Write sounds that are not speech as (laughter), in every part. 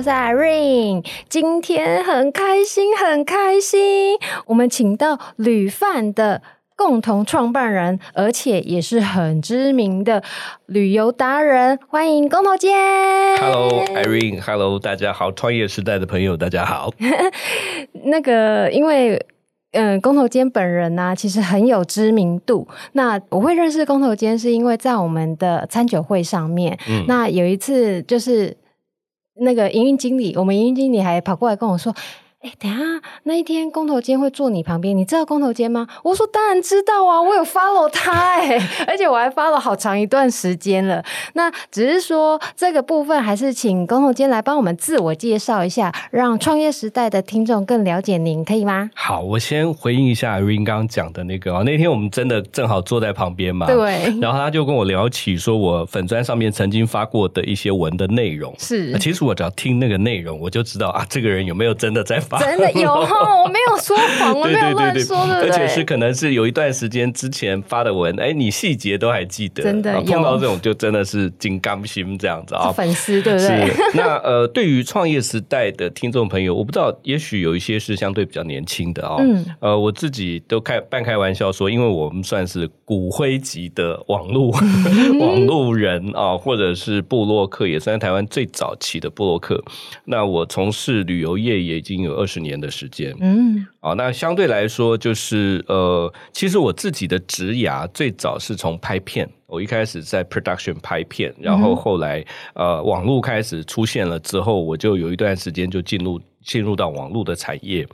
我是 Irene，今天很開心，很開心。我們請到旅飯的共同創辦人，而且也是很知名的旅遊達人，歡迎工頭堅，Hello Irene，Hello 大家好，創業時代的朋友，大家好。 (laughs) 那個因為嗯，工頭堅本人呢、啊，其實很有知名度。那我會認識工頭堅是因為在我們的餐酒會上面，嗯、那有一次就是。那個營運經理，我們營運經理還跑過來跟我說。哎、欸，等一下那一天，工頭堅會坐你旁邊，你知道工頭堅嗎？我說當然知道啊，我有 follow 他哎、欸，而且我還 follow 好長一段時間了。那只是說這個部分，還是請工頭堅來幫我們自我介紹一下，讓創業時代的聽眾更了解您，可以嗎？好，我先回應一下 Rin 剛講的那個，啊，那天我們真的正好坐在旁邊嘛，對。然後他就跟我聊起，說我粉專上面曾經發過的一些文的內容，是。其實我只要聽那個內容，我就知道啊，這個人有沒有真的在。真的有、哦、 (laughs) 我沒有說謊，我 (laughs) 沒有亂說了，而且是可能是有一段時間之前發的文， (laughs) 哎，你細節都還記得，真的碰到這種就真的是金剛心這樣子啊、哦，是粉絲對不對 (laughs) 是？那呃，對於創業時代的聽眾朋友，我不知道，也許有一些是相對比較年輕的啊、哦，嗯、呃，我自己都開半開玩笑說，因為我們算是骨灰級的網路、嗯、 (laughs) 網路人啊、哦，或者是部落客，也算是台灣最早期的部落客。那我從事旅遊業也已經有。二十年的時間，嗯，啊，那相對來說就是呃，其實我自己的職涯最早是從拍片，我一開始在 production 拍片，然後後來呃，網絡開始出現了之後，我就有一段時間就進入進入到網絡的產業，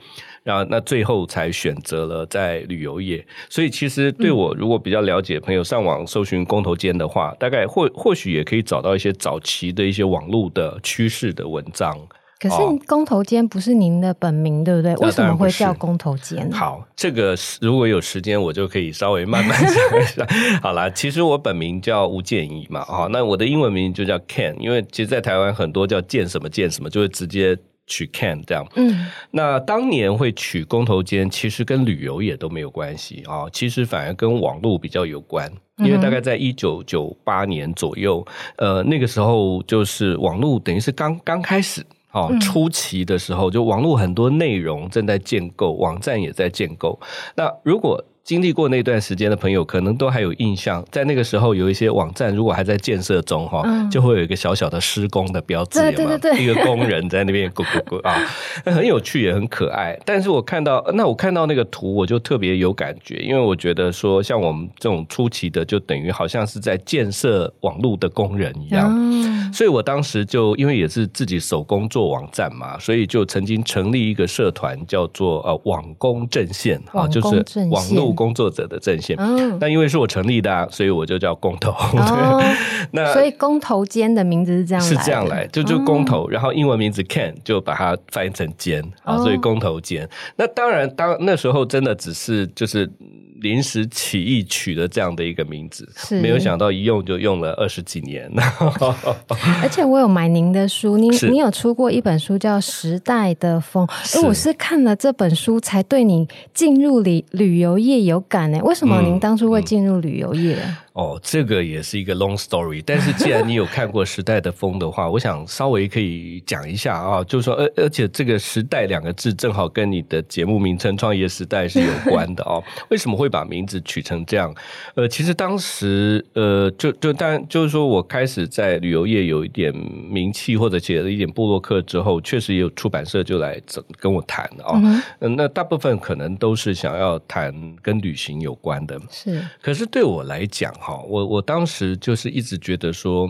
然後那最後才選擇了在旅遊業。所以其實對我如果比較了解朋友上網搜尋工頭堅的話，嗯，大概或或許也可以找到一些早期的一些網絡的趨勢的文章。可是“工頭堅”不是您的本名，哦、對不對？為什麼會叫公間“工頭堅”呢？好，這個是如果有時間，我就可以稍微慢慢想一下。 (laughs) 好了，其實我本名叫吳建誼嘛，哦，那我的英文名就叫 Ken，因為其實，在台灣很多叫建什麼建什麼，就會直接取 Ken 這樣。嗯，那當年會取“工頭堅”，其實跟旅遊也都沒有關係啊、哦，其實反而跟網絡比較有關，因為大概在一九九八年左右，嗯、哼呃，那個時候就是網絡等於是剛剛開始。好，初期的時候，就網絡很多內容正在建構，網站也在建構。那如果。經歷過那段時間的朋友，可能都還有印象，在那個時候有一些網站，如果還在建設中哈，嗯、就會有一個小小的施工的標誌，對對對，對，一個工人在那邊咕咕咕 (laughs) 啊，很有趣也很可愛。但是我看到那我看到那個圖，我就特別有感覺，因為我覺得說像我們這種初期的，就等於好像是在建設網路的工人一樣。嗯，所以我當時就因為也是自己手工做網站嘛，所以就曾經成立一個社團，叫做呃網工陣線啊，線就是網路。工作者的陣線，那、嗯、因為是我成立的、啊，所以我就叫工頭。哦、 (laughs) 那所以工頭堅的名字是這樣，是這樣來，就就工頭，嗯、然後英文名字 Ken 就把它翻譯成堅。啊、哦，所以工頭堅，那當然，當那時候真的只是就是。臨時起意取的這樣的一個名字，是沒有想到一用就用了二十幾年。 (laughs) 而且我有買您的書，您您是有出過一本書叫《時代的風》，而我是看了這本書才對你進入旅旅遊業有感呢。為什麼您當初會進入旅遊業？嗯嗯哦，這個也是一個 long story，但是既然你有看過《時代的風》的話， (laughs) 我想稍微可以講一下啊，就是說，而而且這個時代兩個字正好跟你的節目名稱《創業時代》是有關的哦。 (laughs) 為什麼會把名字取成這樣？呃，其實當時，呃，就就當然，就是說我開始在旅遊業有一點名氣或者寫了一點部落客之後，確實也有出版社就來跟跟我談啊、哦， (laughs) 嗯，那大部分可能都是想要談跟旅行有關的，是。可是對我來講，好，我我當時就是一直覺得說，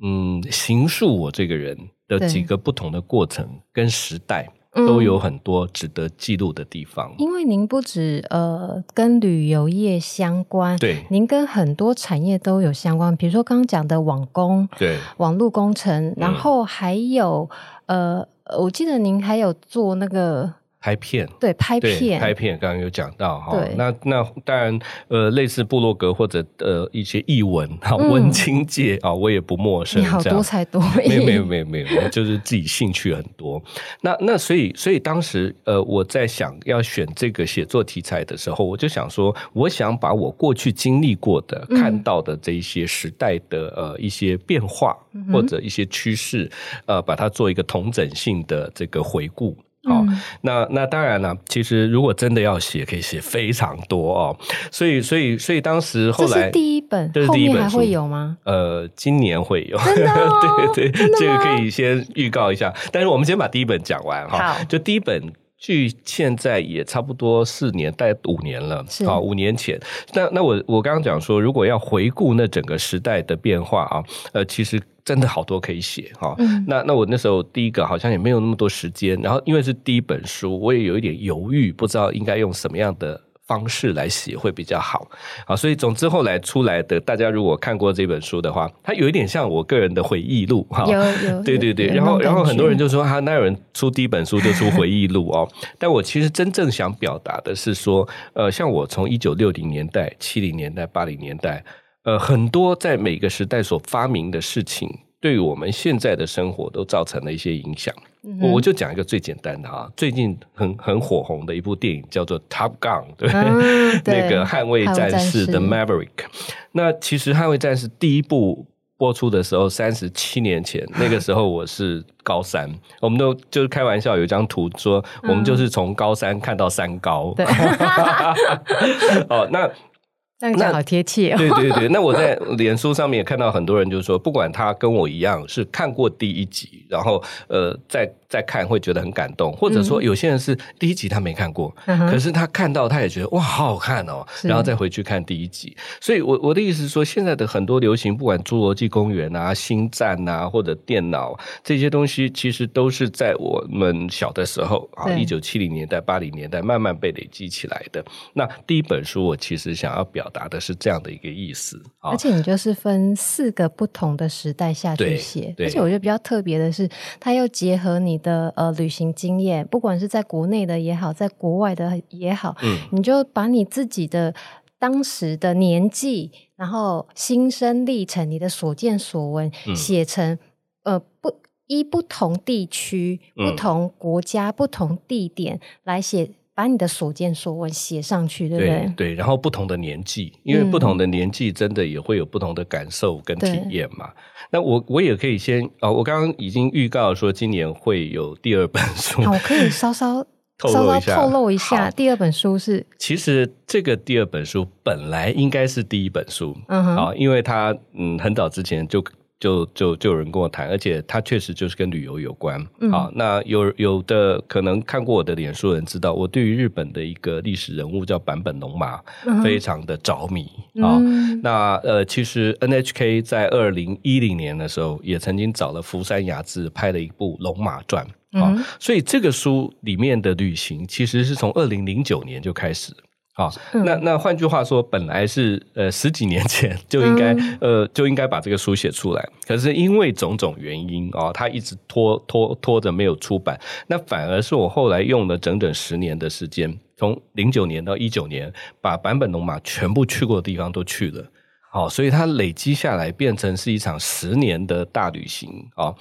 嗯，行述我這個人的幾個不同的過程跟時代，都有很多值得記錄的地方。嗯、因為您不止呃跟旅遊業相關，對，您跟很多產業都有相關，比如說剛剛講的網工，對，網絡工程，然後還有、嗯、呃，我記得您還有做那個。拍片，對拍片對，拍片，剛剛有講到哈對。那那當然，呃，類似部落格或者呃一些藝文啊、嗯、文青界啊、呃，我也不陌生。嗯、這樣你好多才多藝沒，沒有沒有沒有，就是自己興趣很多。 (laughs) 那那所以所以當時呃，我在想要選這個寫作題材的時候，我就想說，我想把我過去經歷過的、嗯、看到的這一些時代的呃一些變化、嗯、哼或者一些趨勢，呃，把它做一個統整性的這個回顧。嗯、好，那那當然了。其實如果真的要寫，可以寫非常多哦。所以所以所以，所以當時後來第一本，這是第一本，第一本還會有嗎？呃，今年會有，真的哦、 (laughs) 對，對對，這個可以先預告一下。但是我們先把第一本講完哈。好，好就第一本，距現在也差不多四年，大概五年了。是好，五年前。那那我我剛剛講說，如果要回顧那整個時代的變化啊，呃，其實。真的好多可以寫哈，嗯、那那我那時候第一個好像也沒有那麼多時間，然後因為是第一本書，我也有一點猶豫，不知道應該用什麼樣的方式來寫會比較好。好，所以總之後來出來的，大家如果看過這本書的話，它有一點像我個人的回憶錄哈。有，對對對，然後然後很多人就說，哪有人出第一本書就出回憶錄哦， (laughs) 但我其實真正想表達的是說，呃，像我從一九六零年代、七零年代、八零年代。呃，很多在每個時代所發明的事情，對於我們現在的生活都造成了一些影響。嗯、我就講一個最簡單的哈、啊，最近很很火紅的一部電影叫做《Top Gun》，對，嗯、對 (laughs) 那個《捍衛戰士》的《Maverick》。那其實《捍衛戰士》第一部播出的時候，三十七年前，那個時候我是高三， (laughs) 我們都就是開玩笑，有一張圖說我們就是從高三看到三高。哦、嗯， (laughs) (laughs) 那。這樣講，好貼切，哦，對對對。那我在臉書上面也看到很多人就是說，不管他跟我一樣是看過第一集，然後呃，在。再看會覺得很感動，或者說有些人是第一集他沒看過，嗯、可是他看到他也覺得哇好好看哦，是然後再回去看第一集。所以我，我我的意思是說，現在的很多流行，不管《侏羅紀公園》啊、《星戰》啊，或者電腦這些東西，其實都是在我們小的時候啊，一九七零年代、八零年代慢慢被累積起來的。那第一本書，我其實想要表達的是這樣的一個意思，而且你就是分四個不同的時代下去寫，而且我覺得比較特別的是，它又結合你。的呃旅行經驗，不管是在國內的也好，在國外的也好，嗯，你就把你自己的當時的年紀，然後心生歷程，你的所見所聞，嗯、寫成呃不依不同地區、不同國家、嗯、不同地點來寫。把你的所見所聞寫上去，對不對？對，對，然後不同的年紀，因為不同的年紀真的也會有不同的感受跟體驗嘛。嗯、那我我也可以先、哦、我剛剛已經預告說今年會有第二本書，哦、我可以稍稍，稍稍透露一下，好第二本書是。其實這個第二本書本來應該是第一本書，嗯哼，好、哦，因為它嗯很早之前就。就就就有人跟我談，而且他確實就是跟旅遊有關。好、嗯啊，那有有的可能看過我的臉書的人知道，我對於日本的一個歷史人物叫坂本龍馬，非常的着迷、嗯、啊。那呃，其實 NHK 在二零一零年的時候也曾經找了福山雅治拍了一部《龍馬傳》啊，所以這個書裡面的旅行其實是從二零零九年就開始。好、哦，那那換句話說，本來是呃十幾年前就應該、嗯、呃就應該把這個書寫出來，可是因為種種原因啊，他、哦、一直拖拖拖着沒有出版。那反而是我後來用了整整十年的時間，從零九年到一九年，把坂本龍馬全部去過的地方都去了。好、哦，所以它累積下來變成是一場十年的大旅行啊！哦、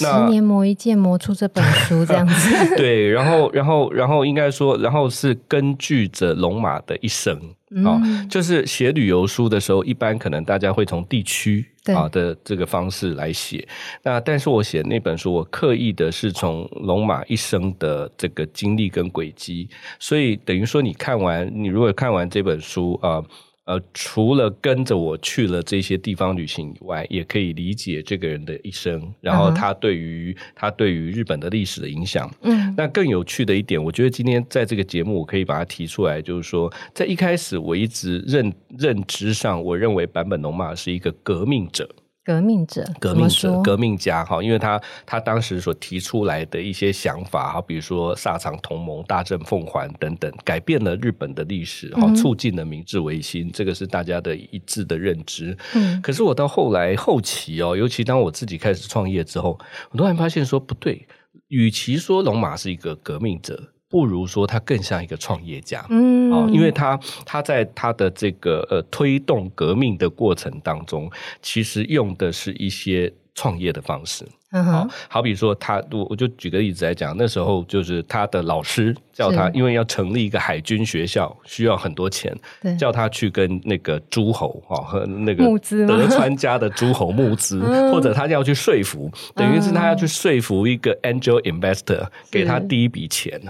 那十年磨一劍，磨出這本書這樣子。 (laughs) 對，然後，然後，然後應該說，然後是根據着龍馬的一生啊，哦嗯、就是寫旅遊書的時候，一般可能大家會從地區啊、哦、的這個方式來寫。對那但是我寫那本書，我刻意的是從龍馬一生的這個經歷跟軌跡，所以等於說你看完，你如果看完這本書啊。呃呃，除了跟着我去了這些地方旅行以外，也可以理解這個人的一生，然後他對於、uh huh. 他對於日本的歷史的影響。嗯、uh huh. 那更有趣的一點，我覺得今天在這個節目，我可以把它提出來，就是說，在一開始，我一直認認知上，我認為坂本龍馬是一個革命者。革命者，革命者，革命家哈，因為他他當時所提出來的一些想法，好比如說薩長同盟、大政奉還等等，改變了日本的歷史，哈，促進了明治維新，嗯、這個是大家的一致的認知。嗯，可是我到後來後期哦，尤其當我自己開始創業之後，我突然發現說不對，與其說龍馬是一個革命者。不如說他更像一個創業家，啊，嗯，哦，因為他他在他的這個呃推動革命的過程當中，其實用的是一些創業的方式。好，好比說他，我我就舉個例子來講，那時候就是他的老師叫他，因為要成立一個海軍學校，需要很多錢，叫他去跟那個諸侯和那個德川家的諸侯募資，或者他要去說服，等於是他要去說服一個 angel investor 給他第一筆錢，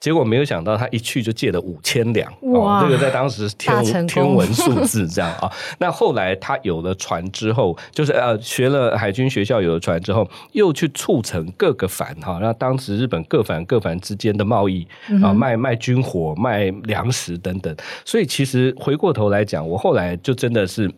結果沒有想到他一去就借了五千兩，哇，這個在當時天天文數字這樣啊，那後來他有了船之後，就是呃學了海軍學校有了船之後。又去促成各個藩，那當時日本各藩各藩之間的貿易，賣賣軍火、賣糧食等等。所以其實回過頭來講，我後來就真的是，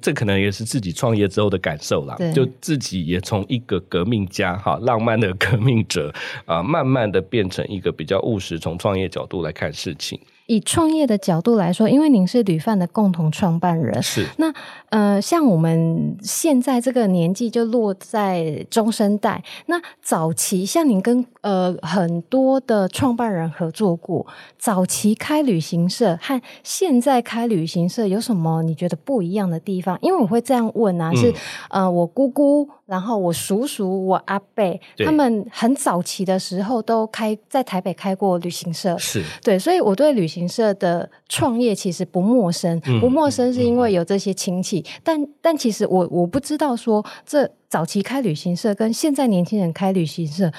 這可能也是自己創業之後的感受了。就自己也從一個革命家哈，浪漫的革命者啊，慢慢的變成一個比較務實，從創業角度來看事情。以創業的角度來說，因為您是旅飯的共同創辦人，是那呃，像我們現在這個年紀就落在中生代。那早期像您跟呃很多的創辦人合作過，早期開旅行社和現在開旅行社有什麼你覺得不一樣的地方？因為我會這樣問啊，嗯、是呃，我姑姑，然後我叔叔，我阿伯，對他們很早期的時候都開在台北開過旅行社，是對，所以我對旅。旅行社的創業其實不陌生，嗯、不陌生是因為有這些親戚，嗯、但但其實我我不知道說，這早期開旅行社跟現在年輕人開旅行社。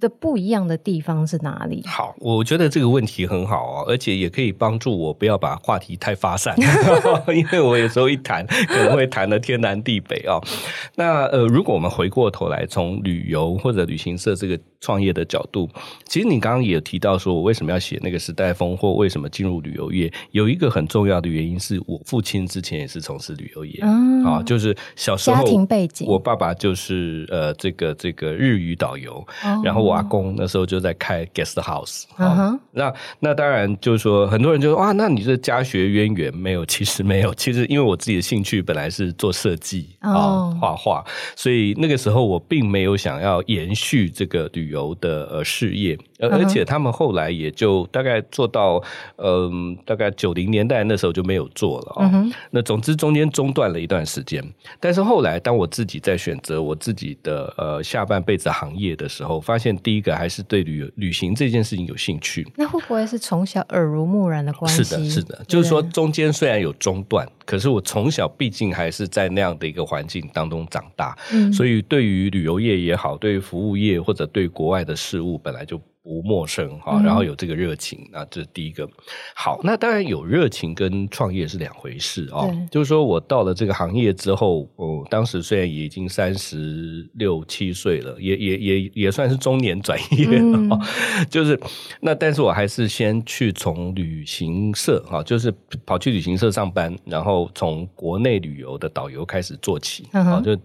的不一樣的地方是哪裡？好，我覺得這個問題很好哦，而且也可以幫助我不要把話題太發散， (laughs) 因為我有時候一談可能會談得天南地北哦。那呃，如果我們回過頭來從旅遊或者旅行社這個創業的角度，其實你剛剛也提到說我為什麼要寫那個時代風或為什麼進入旅遊業，有一個很重要的原因是我父親之前也是從事旅遊業。啊，啊，就是小時候家庭背景，我爸爸就是呃這個這個日語導遊，然後我，哦。瓦工，那時候就在開 guest house、uh huh. 哦，那那當然就是說很多人就說哇，那你這家學淵源沒有？其實沒有，其實因為我自己的興趣本來是做設計啊、畫畫、uh huh. 哦，所以那個時候我並沒有想要延續這個旅遊的呃事業，而而且他們後來也就大概做到嗯、呃，大概九零年代那時候就沒有做了、哦 uh huh. 那總之中間中斷了一段時間，但是後來當我自己在選擇我自己的呃下半輩子行業的時候，發現。第一個還是對旅遊旅行這件事情有興趣，那會不會是從小耳濡目染的關係？是的，是的，對吧？就是說中間雖然有中斷，可是我從小畢竟還是在那樣的一個環境當中長大，嗯，所以對於旅遊業也好，對於服務業或者對國外的事物本來就不。不陌生哈，然後有這個熱情，那這、嗯啊就是第一個。好，那當然有熱情跟創業是兩回事哦對、啊。就是說我到了這個行業之後，嗯、當時雖然也已經三十六七歲了，也也也也算是中年轉業了、嗯啊、就是那，但是我還是先去從旅行社哈、啊，就是跑去旅行社上班，然後從國內旅遊的導遊開始做起、嗯、哼啊，就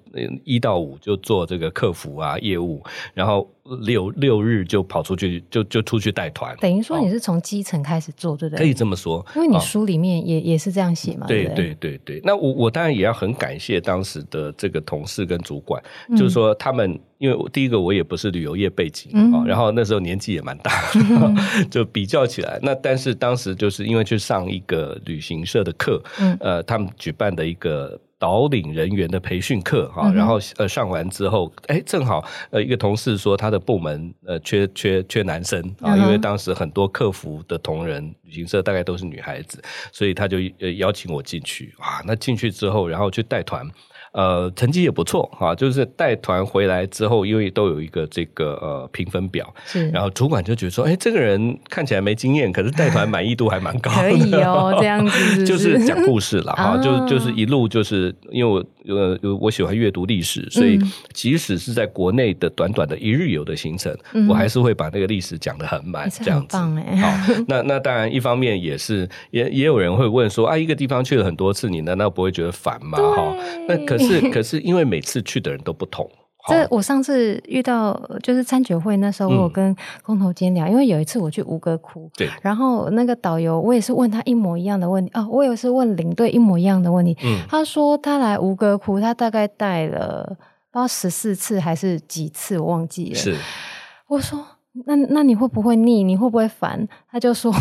一到五就做這個客服啊業務，然後六六日就跑出去。就就出去帶團，等於說你是從基層開始做，哦、對不對？可以這麼說，因為你書裡面也、哦、也是這樣寫嘛。對對對對，對對對，那我我當然也要很感謝當時的這個同事跟主管，嗯、就是說他們。因為第一個我也不是旅遊業背景、嗯、然後那時候年紀也蠻大，嗯、哼就比較起來，那但是當時就是因為去上一個旅行社的課，嗯呃、他們舉辦的一個導領人員的培訓課，然後上完之後、哎，正好一個同事說他的部門缺缺缺，缺男生，因為當時很多客服的同仁，旅行社大概都是女孩子，所以他就邀請我進去，那進去之後，然後去帶團。呃，成績也不錯哈，就是帶團回來之後，因為都有一個這個呃評分表，是然後主管就覺得說，哎，這個人看起來沒經驗，可是帶團滿意度還蠻高的。 (laughs) 可以哦，這樣子是不是就是講故事了哈， (laughs) 啊、就就是一路就是因為我呃我喜歡閱讀歷史，所以即使是在國內的短短的一日遊的行程，嗯、我還是會把那個歷史講得很滿是很棒這樣子。好，那那當然一方面也是也也有人會問說，啊，一個地方去了很多次，你難道不會覺得煩嗎？哈對、哦，那可是。是，可是因為每次去的人都不同。 (laughs) 這我上次遇到就是餐酒會那時候，我有跟工頭堅聊，嗯、因為有一次我去吳哥窟，對，然後那個導遊我也是問他一模一樣的問題啊，我也是問領隊一模一樣的問題，嗯、他說他來吳哥窟，他大概帶了不知道十四次還是幾次，我忘記了。是，我說。那那你會不會膩？你會不會煩？他就說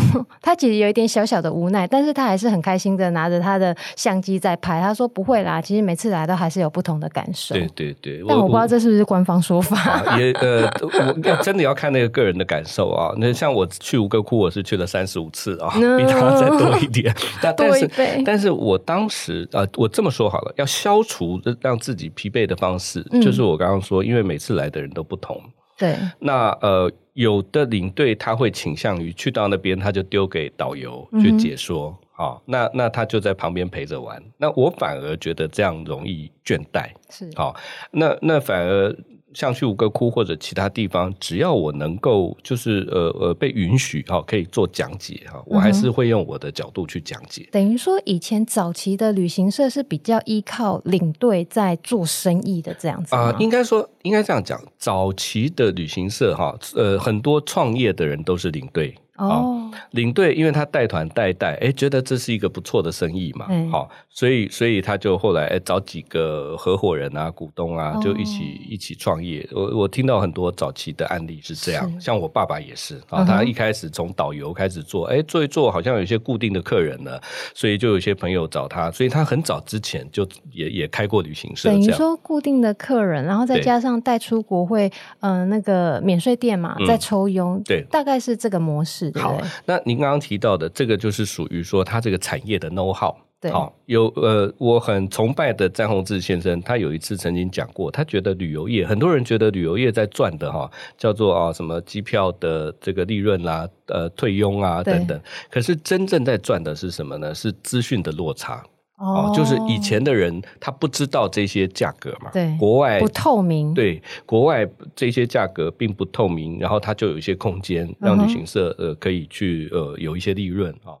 他其實有一點小小的無奈，但是他還是很開心的拿着他的相機在拍。他說不會啦，其實每次來都還是有不同的感受。對對對，但我不知道這是不是官方說法。啊、也呃，我真的要看那個個人的感受啊。那 (laughs) 像我去吳哥窟，我是去了三十五次啊，No 比他再多一點。但是 (laughs) 倍但是我當時呃，我這麼說好了，要消除讓自己疲憊的方式，嗯、就是我剛剛說，因為每次來的人都不同。對，那呃，有的領隊他會傾向於去到那邊，他就丟給導遊去解說，啊、嗯哼哦，那那他就在旁邊陪着玩。那我反而覺得這樣容易倦怠，是，好、哦，那那反而。像去吳哥窟或者其他地方，只要我能夠，就是呃呃被允許哈、哦，可以做講解哈，嗯、哼我還是會用我的角度去講解。等於說，以前早期的旅行社是比較依靠領隊在做生意的這樣子啊、呃，應該說，應該這樣講，早期的旅行社哈，呃，很多創業的人都是領隊。哦，oh. 領隊因為他帶團帶帶，哎，覺得這是一個不錯的生意嘛，好 Hey.、哦，所以所以他就後來哎找幾個合夥人啊、股東啊，oh. 就一起一起創業。我我聽到很多早期的案例是這樣，是像我爸爸也是啊，哦 uh huh. 他一開始從導遊開始做，哎，做一做好像有一些固定的客人呢，所以就有些朋友找他，所以他很早之前就也也開過旅行社。等於說固定的客人，然後再加上帶出國會嗯對、呃、那個免稅店嘛，再、嗯、抽佣，對，大概是這個模式。好，那您剛剛提到的這個就是屬於說它這個產業的 know how。對，好、哦、有呃，我很崇拜的詹宏志先生，他有一次曾經講過，他覺得旅遊業很多人覺得旅遊業在賺的叫做啊、呃、什麼機票的這個利潤啦、啊，呃退佣啊對等等，可是真正在賺的是什麼呢？是資訊的落差。哦，oh. 就是以前的人他不知道這些價格嘛，對，國外不透明，對，國外這些價格並不透明，然後他就有一些空間讓旅行社，uh huh. 呃可以去呃有一些利潤，哦。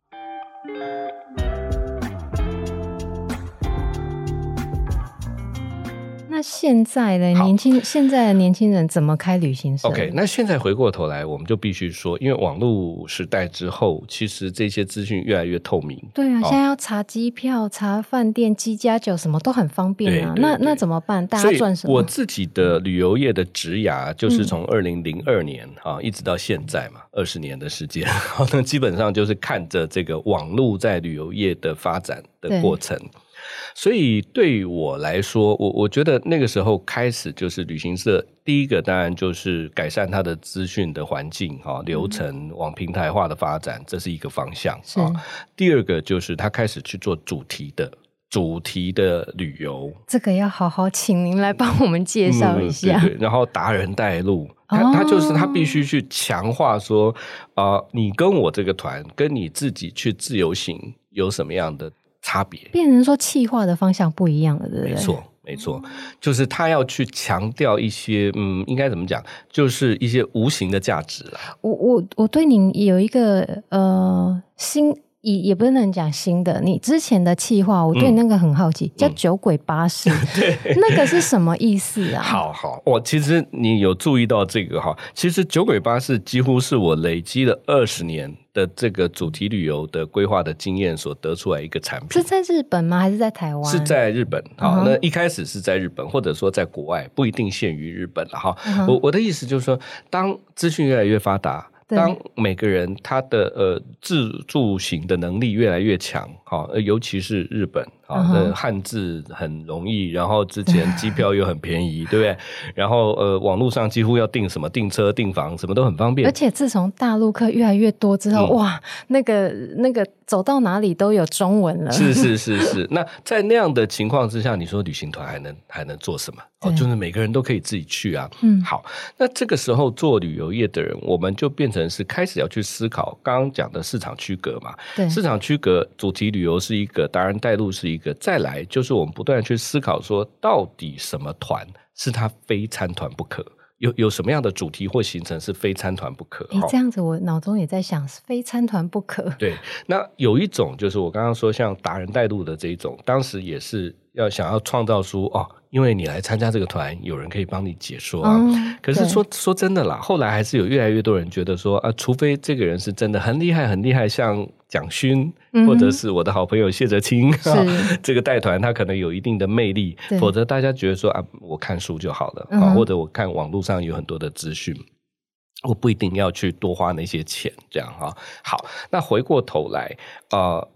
那現在的年輕，好現在的年輕人怎麼開旅行社？OK，那現在回過頭來，我們就必須說，因為網絡時代之後，其實這些資訊越來越透明。對啊，哦、現在要查機票、查飯店、機加酒什麼都很方便啊。那那怎麼辦？大家賺什麼？所以，我自己的旅遊業的職涯就是從二零零二年啊、嗯、一直到現在嘛，二十年的時間，然後基本上就是看着這個網絡在旅遊業的發展的過程。所以對於我來說，我我覺得那個時候開始就是旅行社，第一個，當然就是改善它的資訊的環境流程，往平台化的發展，這是一個方向是，第二個就是它開始去做主題的主題的旅遊，這個要好好請您來幫我們介紹一下。嗯嗯、對對，然後達人帶路，他、哦、他就是他必須去強化說啊、呃，你跟我這個團，跟你自己去自由行有什麼樣的差別變成說企劃的方向不一樣了，對不對？沒錯，沒錯，就是他要去強調一些，嗯，應該怎麼講？就是一些無形的價值啦。我我我對你有一個呃心。也也不能講新的，你之前的企劃，我對那個很好奇，嗯、叫“酒鬼巴士”，嗯、那個是什麼意思啊？ (laughs) 好好，我其實你有注意到這個哈，其實“酒鬼巴士”幾乎是我累積了二十年的這個主題旅遊的規劃的經驗所得出來一個產品。是在日本嗎？還是在台灣？是在日本。好，uh huh. 那一開始是在日本，或者說在國外，不一定限於日本了哈。Uh huh. 我我的意思就是說，當資訊越來越發達。當每個人他的呃自助行的能力越來越強，哈，尤其是日本。好，那漢字很容易，uh huh. 然後之前機票又很便宜， (laughs) 對不對？然後呃，網絡上幾乎要訂什麼訂車訂房什麼都很方便。而且自從大陸客越來越多之後，嗯、哇，那個那個走到哪裡都有中文了。是是是是。 (laughs) 那在那樣的情況之下，你說旅行團還能還能做什麼？對哦，就是每個人都可以自己去啊。嗯，好，那這個時候做旅遊業的人，我們就變成是開始要去思考剛剛講的市場區隔嘛。對，市場區隔，主題旅遊是一個，達人帶路是一個。一個再來就是我們不斷的去思考，說到底什麼團是他非參團不可？有有什麼樣的主題或行程是非參團不可？你、欸、這樣子，我腦中也在想，是非參團不可。對，那有一種就是我剛剛說像達人帶路的這一種，當時也是。要想要創造出哦，因為你來參加這個團，有人可以幫你解說啊。嗯、可是說說真的啦，後來還是有越來越多人覺得說啊，除非這個人是真的很厲害、很厲害，像蔣勳或者是我的好朋友謝哲青，這個帶團他可能有一定的魅力，是否則大家覺得說啊，我看書就好了，對啊、或者我看網絡上有很多的資訊，嗯、哼我不一定要去多花那些錢，這樣哈、啊。好，那回過頭來，啊、呃。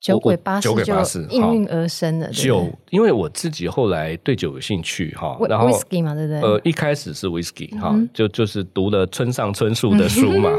酒鬼巴士，酒鬼巴士應運而生的酒，因為我自己後來對酒有興趣哈，喔、然後 whisky 嘛對不對？呃，一開始是 whisky 哈、嗯哼喔，就就是讀了村上春樹的書嘛，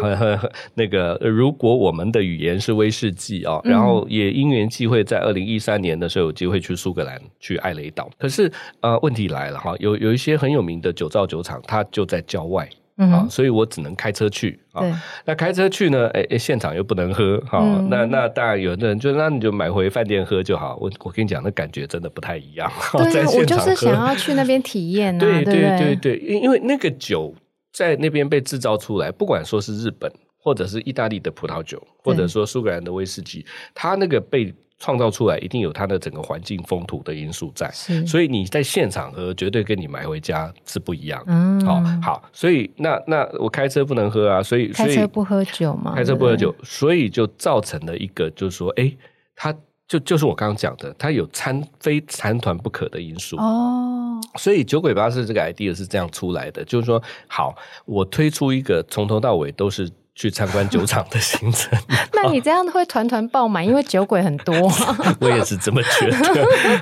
那個、呃、如果我們的語言是威士忌啊、喔，然後也因緣際會在二零一三年的時候有機會去蘇格蘭去艾雷島，可是呃問題來了哈、喔，有有一些很有名的酒造酒廠，它就在郊外。嗯，所以我只能開車去對那開車去呢？哎、欸、哎、欸，現場又不能喝。好，嗯嗯，那那當然有的人就，那你就買回飯店喝就好。我我跟你講，那感覺真的不太一樣。啊，我就是想要去那邊體驗啊。對對對對，對對對，因為那個酒在那邊被製造出來，不管說是日本或者是意大利的葡萄酒，或者說蘇格蘭的威士忌，對它那個被。創造出來一定有它的整個環境風土的因素在，是所以你在現場喝絕對跟你買回家是不一樣的，嗯，好、哦，好，所以那那我開車不能喝啊，所以開車不喝酒嗎？開車不喝酒，對對，所以就造成了一個就是說，哎，他就就是我剛剛講的，他有參非參團不可的因素哦，所以酒鬼巴士這個 idea 是這樣出來的，就是說好，我推出一個從頭到尾都是。去參觀酒廠的行程， (laughs) 那你這樣會團團爆滿，因為酒鬼很多。 (laughs) (laughs) 我也是這麼覺得。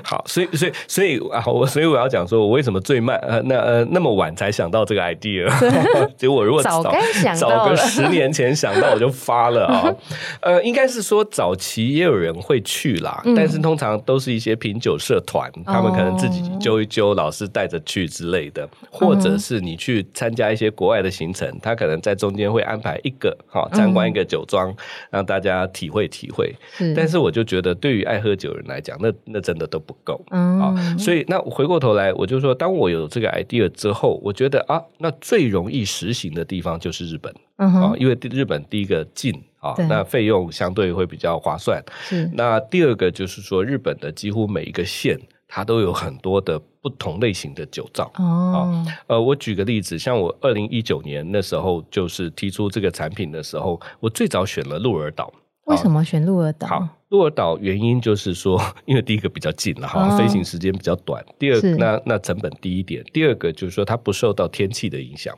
好，所以所以所以啊，我所以我要講說，我為什麼最慢、呃、那、呃、那麼晚才想到這個 idea。 (laughs) 結果如果早該 (laughs) 想到，早個十年前想到我就發了啊、喔 (laughs) 呃。應該是說早期也有人會去啦，嗯、但是通常都是一些品酒社團，嗯、他們可能自己揪一揪，老師帶着去之類的，嗯、或者是你去參加一些國外的行程，嗯、他可能在中間會安排一個。好，參觀一個酒莊，嗯、讓大家體會體會。是但是我就覺得，對於愛喝酒人來講，那那真的都不夠、嗯啊、所以那回過頭來，我就說，當我有這個 idea 之後，我覺得啊，那最容易實行的地方就是日本、嗯哼啊、因為日本第一個近、啊、對那費用相對會比較划算。是那第二個就是說，日本的幾乎每一個縣，它都有很多的。不同類型的酒造哦，哦。呃，我舉個例子，像我二零一九年那時候就是提出這個產品的時候，我最早選了鹿兒島。為什麼選鹿兒島、哦？鹿兒島原因就是說，因為第一個比較近了，哈、哦，哦、飛行時間比較短；第二，是那那成本低一點。第二個就是說，它不受到天氣的影響，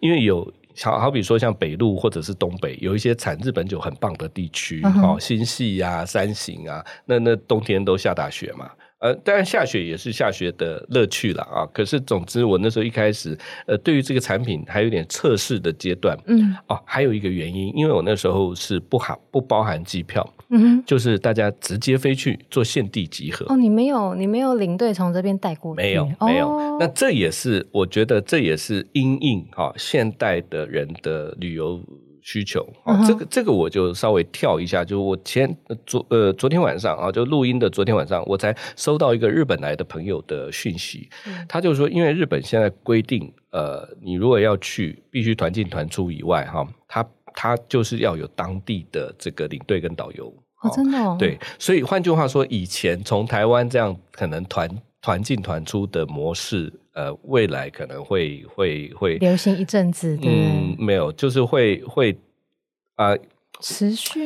因為有好好比說像北陸或者是東北，有一些產日本酒很棒的地區，新、嗯哼哦、潟呀、啊、山形啊，那那冬天都下大雪嘛。呃，當然下雪也是下雪的樂趣了啊！可是總之，我那時候一開始，呃，對於這個產品還有點測試的階段。嗯，哦，還有一個原因，因為我那時候是不不包含機票，嗯哼，就是大家直接飛去做現地集合。哦，你沒有，你沒有領隊從這邊帶過去。沒有，沒有。哦、那這也是我覺得這也是因應啊，現代的人的旅遊。需求。這個這個我就稍微跳一下，就我前昨，呃，昨天晚上啊，就錄音的昨天晚上，我才收到一個日本來的朋友的訊息，嗯，他就說，因為日本現在規定，呃，你如果要去，必須團進團出以外哈，他他就是要有當地的這個領隊跟導遊，哦，真的哦？對，所以換句話說，以前從臺灣這樣可能團團進團出的模式。呃，未來可能會會會流行一陣子的。嗯，沒有，就是會會、呃、啊，持續、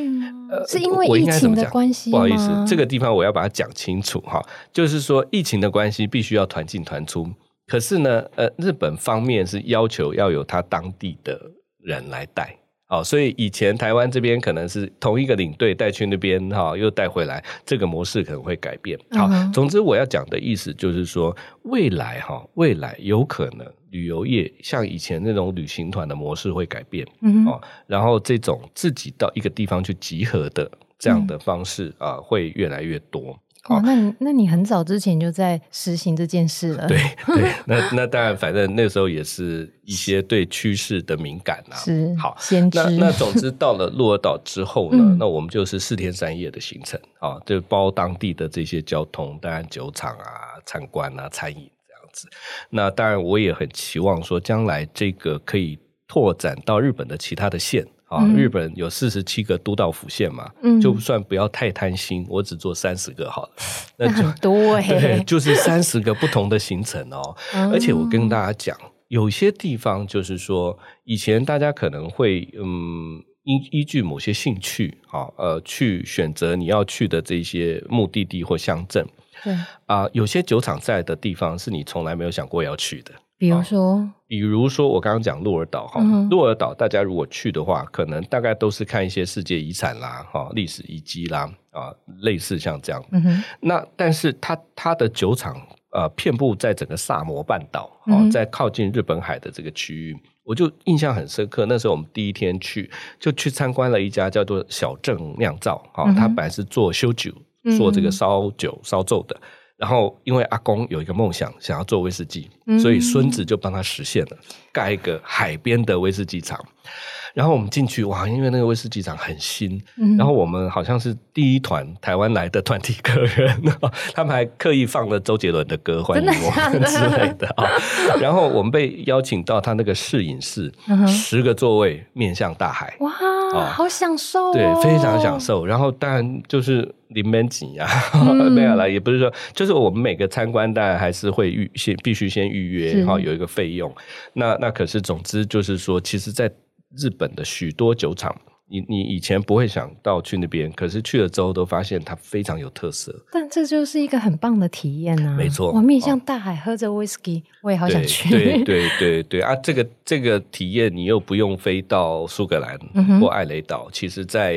呃？是因為疫情的關係？呃、關係？不好意思，這個地方我要把它講清楚哈，就是說疫情的關係必須要團進團出，可是呢，呃，日本方面是要求要有他當地的人來帶。哦，所以以前台灣這邊可能是同一個領隊帶去那邊哈，又帶回來，這個模式可能會改變。好，總之我要講的意思就是說，未來哈，未來有可能旅遊業像以前那種旅行團的模式會改變，哦，嗯哼，然後這種自己到一個地方去集合的這樣的方式啊，會越來越多。哦好、嗯，那你那你很早之前就在實行這件事了，對對，那那當然，反正那時候也是一些對趨勢的敏感啊。是 (laughs) 好，先知。那那總之到了鹿兒島之後呢，嗯、那我們就是四天三夜的行程啊，就包當地的這些交通、當然酒廠啊，啊、餐館啊、餐飲這樣子。那當然，我也很期望說將來這個可以拓展到日本的其他的縣。啊，日本有四十七個都道府縣嘛，嗯、就算不要太貪心，我只做三十個好了。 (laughs) 那就 (laughs) 對， (laughs) 對，就是三十個不同的行程哦。嗯、而且我跟大家講，有些地方就是說，以前大家可能會嗯依依據某些興趣啊呃去選擇你要去的這些目的地或鄉鎮。啊、嗯呃，有些酒廠在的地方是你從來沒有想過要去的。比如說、哦，比如說我剛剛講鹿兒島哈，哦嗯、哼鹿兒島大家如果去的話，可能大概都是看一些世界遺產啦，哈，歷史遺跡啦，啊、哦，類似像這樣。嗯、哼那但是它它的酒廠啊、呃，遍佈在整個薩摩半島，哦嗯、哼在靠近日本海的這個區域，我就印象很深刻。那時候我們第一天去，就去參觀了一家叫做小鎮釀造，哈、哦，嗯、哼它本來是做修酒，做、嗯、哼這個燒酒燒酎的。然後，因為阿公有一個夢想，想要做威士忌，所以孫子就幫他實現了。嗯。蓋一個海邊的威士忌廠，然後我們進去，哇，因為那個威士忌廠很新，嗯、然後我們好像是第一團台灣來的團體客人、哦，他們還刻意放了周杰倫的歌歡迎我們的之類的、哦、 (laughs) 然後我們被邀請到他那個試飲室，嗯、哼十個座位面向大海，哇，哦、好享受、哦，對，非常享受。然後當然就是不用錢啊，嗯、沒有啊，也不是說，就是我們每個參觀當然還是會預先必須先預約，是然後有一個費用，那那。那可是，總之就是說，其實，在日本的許多酒廠，你你以前不會想到去那邊，可是去了之後都發現它非常有特色。但這就是一個很棒的體驗啊。沒錯錯。我面向大海喝着威士忌，啊、我也好想去。對對對對，對啊、這個，這個這個體驗你又不用飛到蘇格蘭或艾雷島，嗯、哼其實在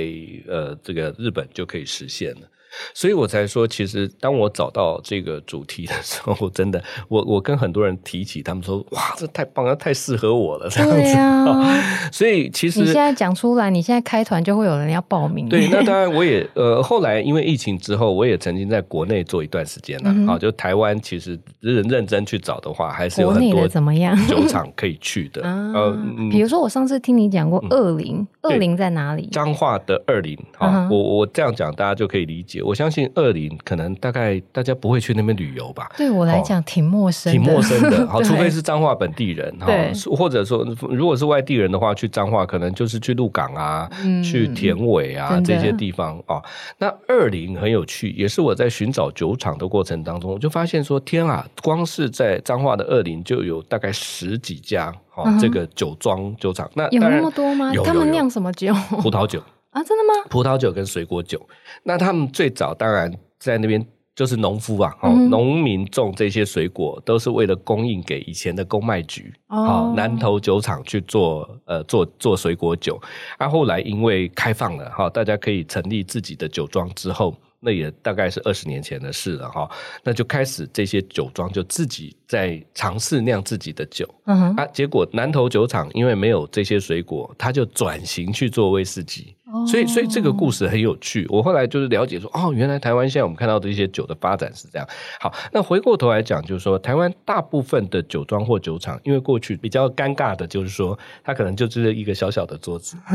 呃這個日本就可以實現了。所以我才說，其實當我找到這個主題的時候，我真的，我我跟很多人提起，他們說，哇，這太棒了，太適合我了。這樣子、啊哦。所以其實你現在講出來，你現在開團就會有人要報名。對，那當然我也 (laughs) 呃，後來因為疫情之後，我也曾經在國內做一段時間了啊、嗯哦。就台灣其實認真去找的話，還是有很多酒廠可以去的。 (laughs) 啊嗯、比如說我上次聽你講過二林、嗯，二林在哪裡？彰化的二林、哦。嗯、哼我我這樣講大家就可以理解。我相信二林可能大概大家不會去那邊旅遊吧？對我來講挺陌生，喔、挺陌生的。好， (laughs) 對除非是彰化本地人，哈對、喔，或者說如果是外地人的話，去彰化可能就是去鹿港啊，嗯、去田尾啊的這些地方啊、喔。那二林很有趣，也是我在尋找酒廠的過程當中，我就發現說，天啊，光是在彰化的二林就有大概十幾家哦，喔 uh huh、這個酒莊酒廠。那有那麼多嗎？有他們釀什麼酒？有有有，葡萄酒。啊，真的嗎？葡萄酒跟水果酒，那他們最早當然在那邊就是農夫啊，哦、嗯，農民種這些水果都是為了供應給以前的公賣局，哦，南投酒廠去做呃做做水果酒。啊，後來因為開放了哈，大家可以成立自己的酒莊之後，那也大概是二十年前的事了哈。那就開始這些酒莊就自己在嘗試釀自己的酒，嗯哼。啊，結果南投酒廠因為沒有這些水果，他就轉型去做威士忌。Oh, 所以，所以這個故事很有趣。我後來就是了解說，哦，原來台灣現在我們看到的一些酒的發展是這樣。好，那回過頭來講，就是說台灣大部分的酒莊或酒廠，因為過去比較尷尬的就是說，它可能就只是一個小小的桌子， (laughs)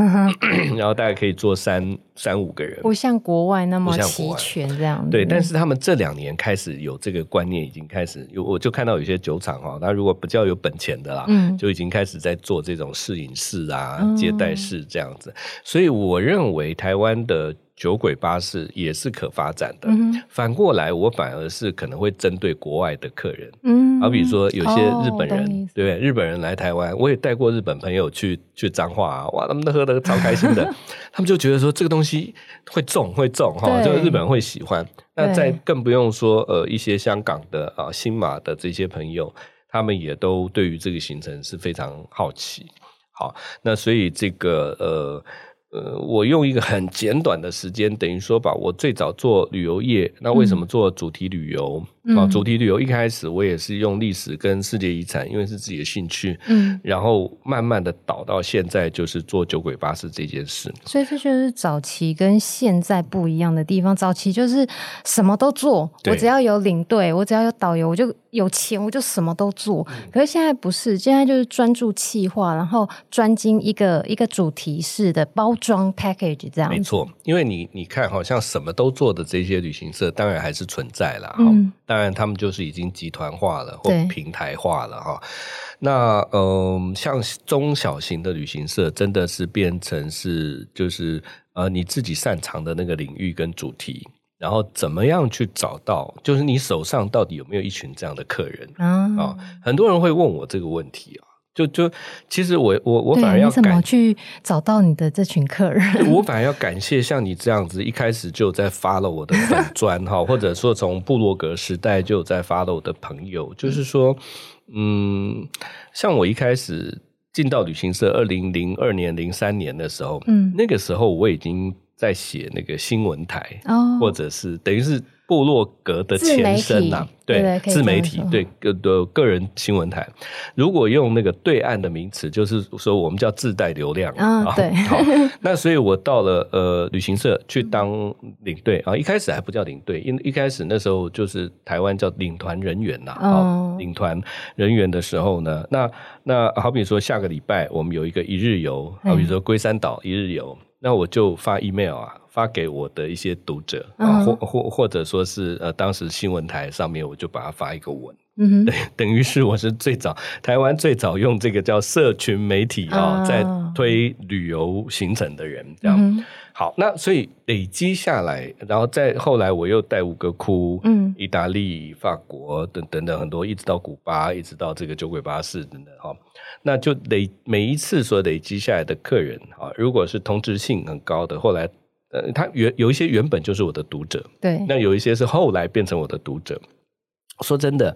然後大概可以坐三三五個人，不像國外那麼齊全這樣子。對，但是他們這兩年開始有這個觀念，已經開始有，我就看到有些酒廠哈，它如果比較有本錢的啦，嗯，就已經開始在做這種試飲室啊、接待室這樣子。所以我認為台灣的酒鬼巴士也是可發展的。嗯、哼反過來，我反而是可能會針對國外的客人。好、嗯，而比如說有些日本人，哦、對，對日本人來台灣，我也帶過日本朋友去去彰化、啊、哇，他們都喝得超開心的。 (laughs) 他們就覺得說這個東西會重會重哈、對、喔，就日本人會喜歡。對那再更不用說呃，一些香港的啊、新馬的這些朋友，他們也都對於這個行程是非常好奇。好，那所以這個呃。呃，我用一個很簡短的時間，等於說吧，我最早做旅遊業，那為什麼做主題旅遊？嗯嗯、主題旅遊一開始我也是用歷史跟世界遺產，因為是自己的興趣，嗯，然後慢慢的倒到現在就是做酒鬼巴士這件事。所以這就是早期跟現在不一樣的地方。早期就是什麼都做，對我只要有領隊，我只要有導遊，我就有錢，我就什麼都做。嗯、可是現在不是，現在就是專注企劃，然後專精一個一個主題式的包裝 package 這樣沒錯，因為你你看，好像什麼都做的這些旅行社，當然還是存在了，嗯當然，他們就是已經集團化了或平台化了哈對。那嗯，像中小型的旅行社，真的是變成是就是呃，你自己擅長的那個領域跟主題，然後怎麼樣去找到，就是你手上到底有沒有一群這樣的客人啊？嗯、很多人會問我這個問題啊。就就其實我我對我反而要你怎麼去找到你的這群客人。我反而要感謝像你這樣子一開始就在 follow 我的粉專哈， (laughs) 或者說從部落格時代就在 follow 我的朋友， (laughs) 就是說，嗯，像我一開始進到旅行社，二零零二年零三年的時候，嗯，那個時候我已經在寫那個新聞台，哦、或者是等於是。部落格的前身吶、啊，對，對自媒體，對個的個人新聞台。如果用那個對岸的名詞，就是說我們叫自帶流量啊，哦、好對。好 (laughs) 那所以我到了呃旅行社去當領隊啊，一開始還不叫領隊，因一開始那時候就是台灣叫領團人員吶，啊、哦，領團人員的時候呢，那那好比說下個禮拜我們有一個一日遊，好比說龜山島一日遊，嗯、那我就發 email 啊。發給我的一些讀者、uh huh. 啊、或、或、或者說是、呃、當時新聞台上面我就把它發一個文，uh huh. 對，等於是我是最早台灣最早用這個叫社群媒體、uh huh. 哦、在推旅遊行程的人這樣。Uh huh. 好，那所以累積下來，然後再後來我又帶五個窟，嗯、uh，huh. 意大利、法國等等等很多，一直到古巴，一直到這個酒鬼巴士等等、哦、那就累每一次所累積下來的客人、哦、如果是同質性很高的，後來。呃，他原有一些原本就是我的讀者，對，那有一些是後來變成我的讀者。說真的，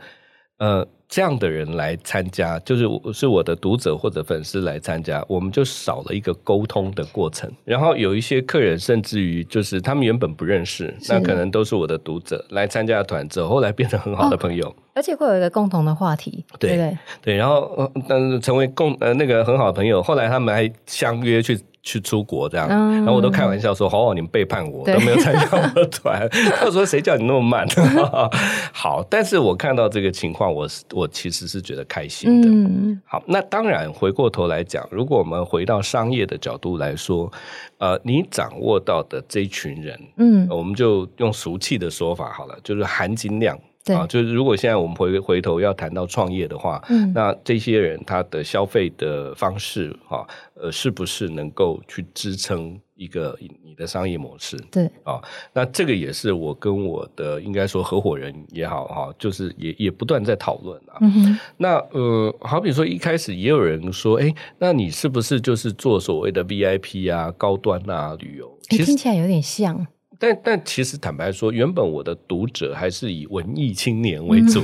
呃。這樣的人來參加，就是我是我的讀者或者粉絲來參加，我們就少了一個溝通的過程。然後有一些客人，甚至於就是他們原本不認識，的那可能都是我的讀者來參加的團之後，後來變成很好的朋友，而且會有一個共同的話題，對對對，對。然後，但、呃、是成為共呃那個很好的朋友，後來他們還相約去去出國這樣。嗯、然後我都開玩笑說：“哦好好，你們背叛我，對都沒有參加我的團。” (laughs) (laughs) 他說：“誰叫你那麼慢？” (laughs) 好， (laughs) 好，但是我看到這個情況，我是。我其實是覺得開心的。嗯、好，那當然，回過頭來講，如果我們回到商業的角度來說，呃，你掌握到的這一群人，嗯、呃，我們就用俗氣的說法好了，就是含金量。對、啊、就是如果現在我們回回頭要談到創業的話，嗯、那這些人他的消費的方式啊，呃，是不是能夠去支撐？一個你的商業模式，對啊、哦，那這個也是我跟我的應該說合夥人也好哈、哦，就是也，也不斷在討論、啊。嗯、哼那呃，好比說一開始也有人說，哎，那你是不是就是做所謂的 VIP 啊、高端啊旅遊？其實，聽起來有點像，但但其實坦白說，原本我的讀者還是以文藝青年為主，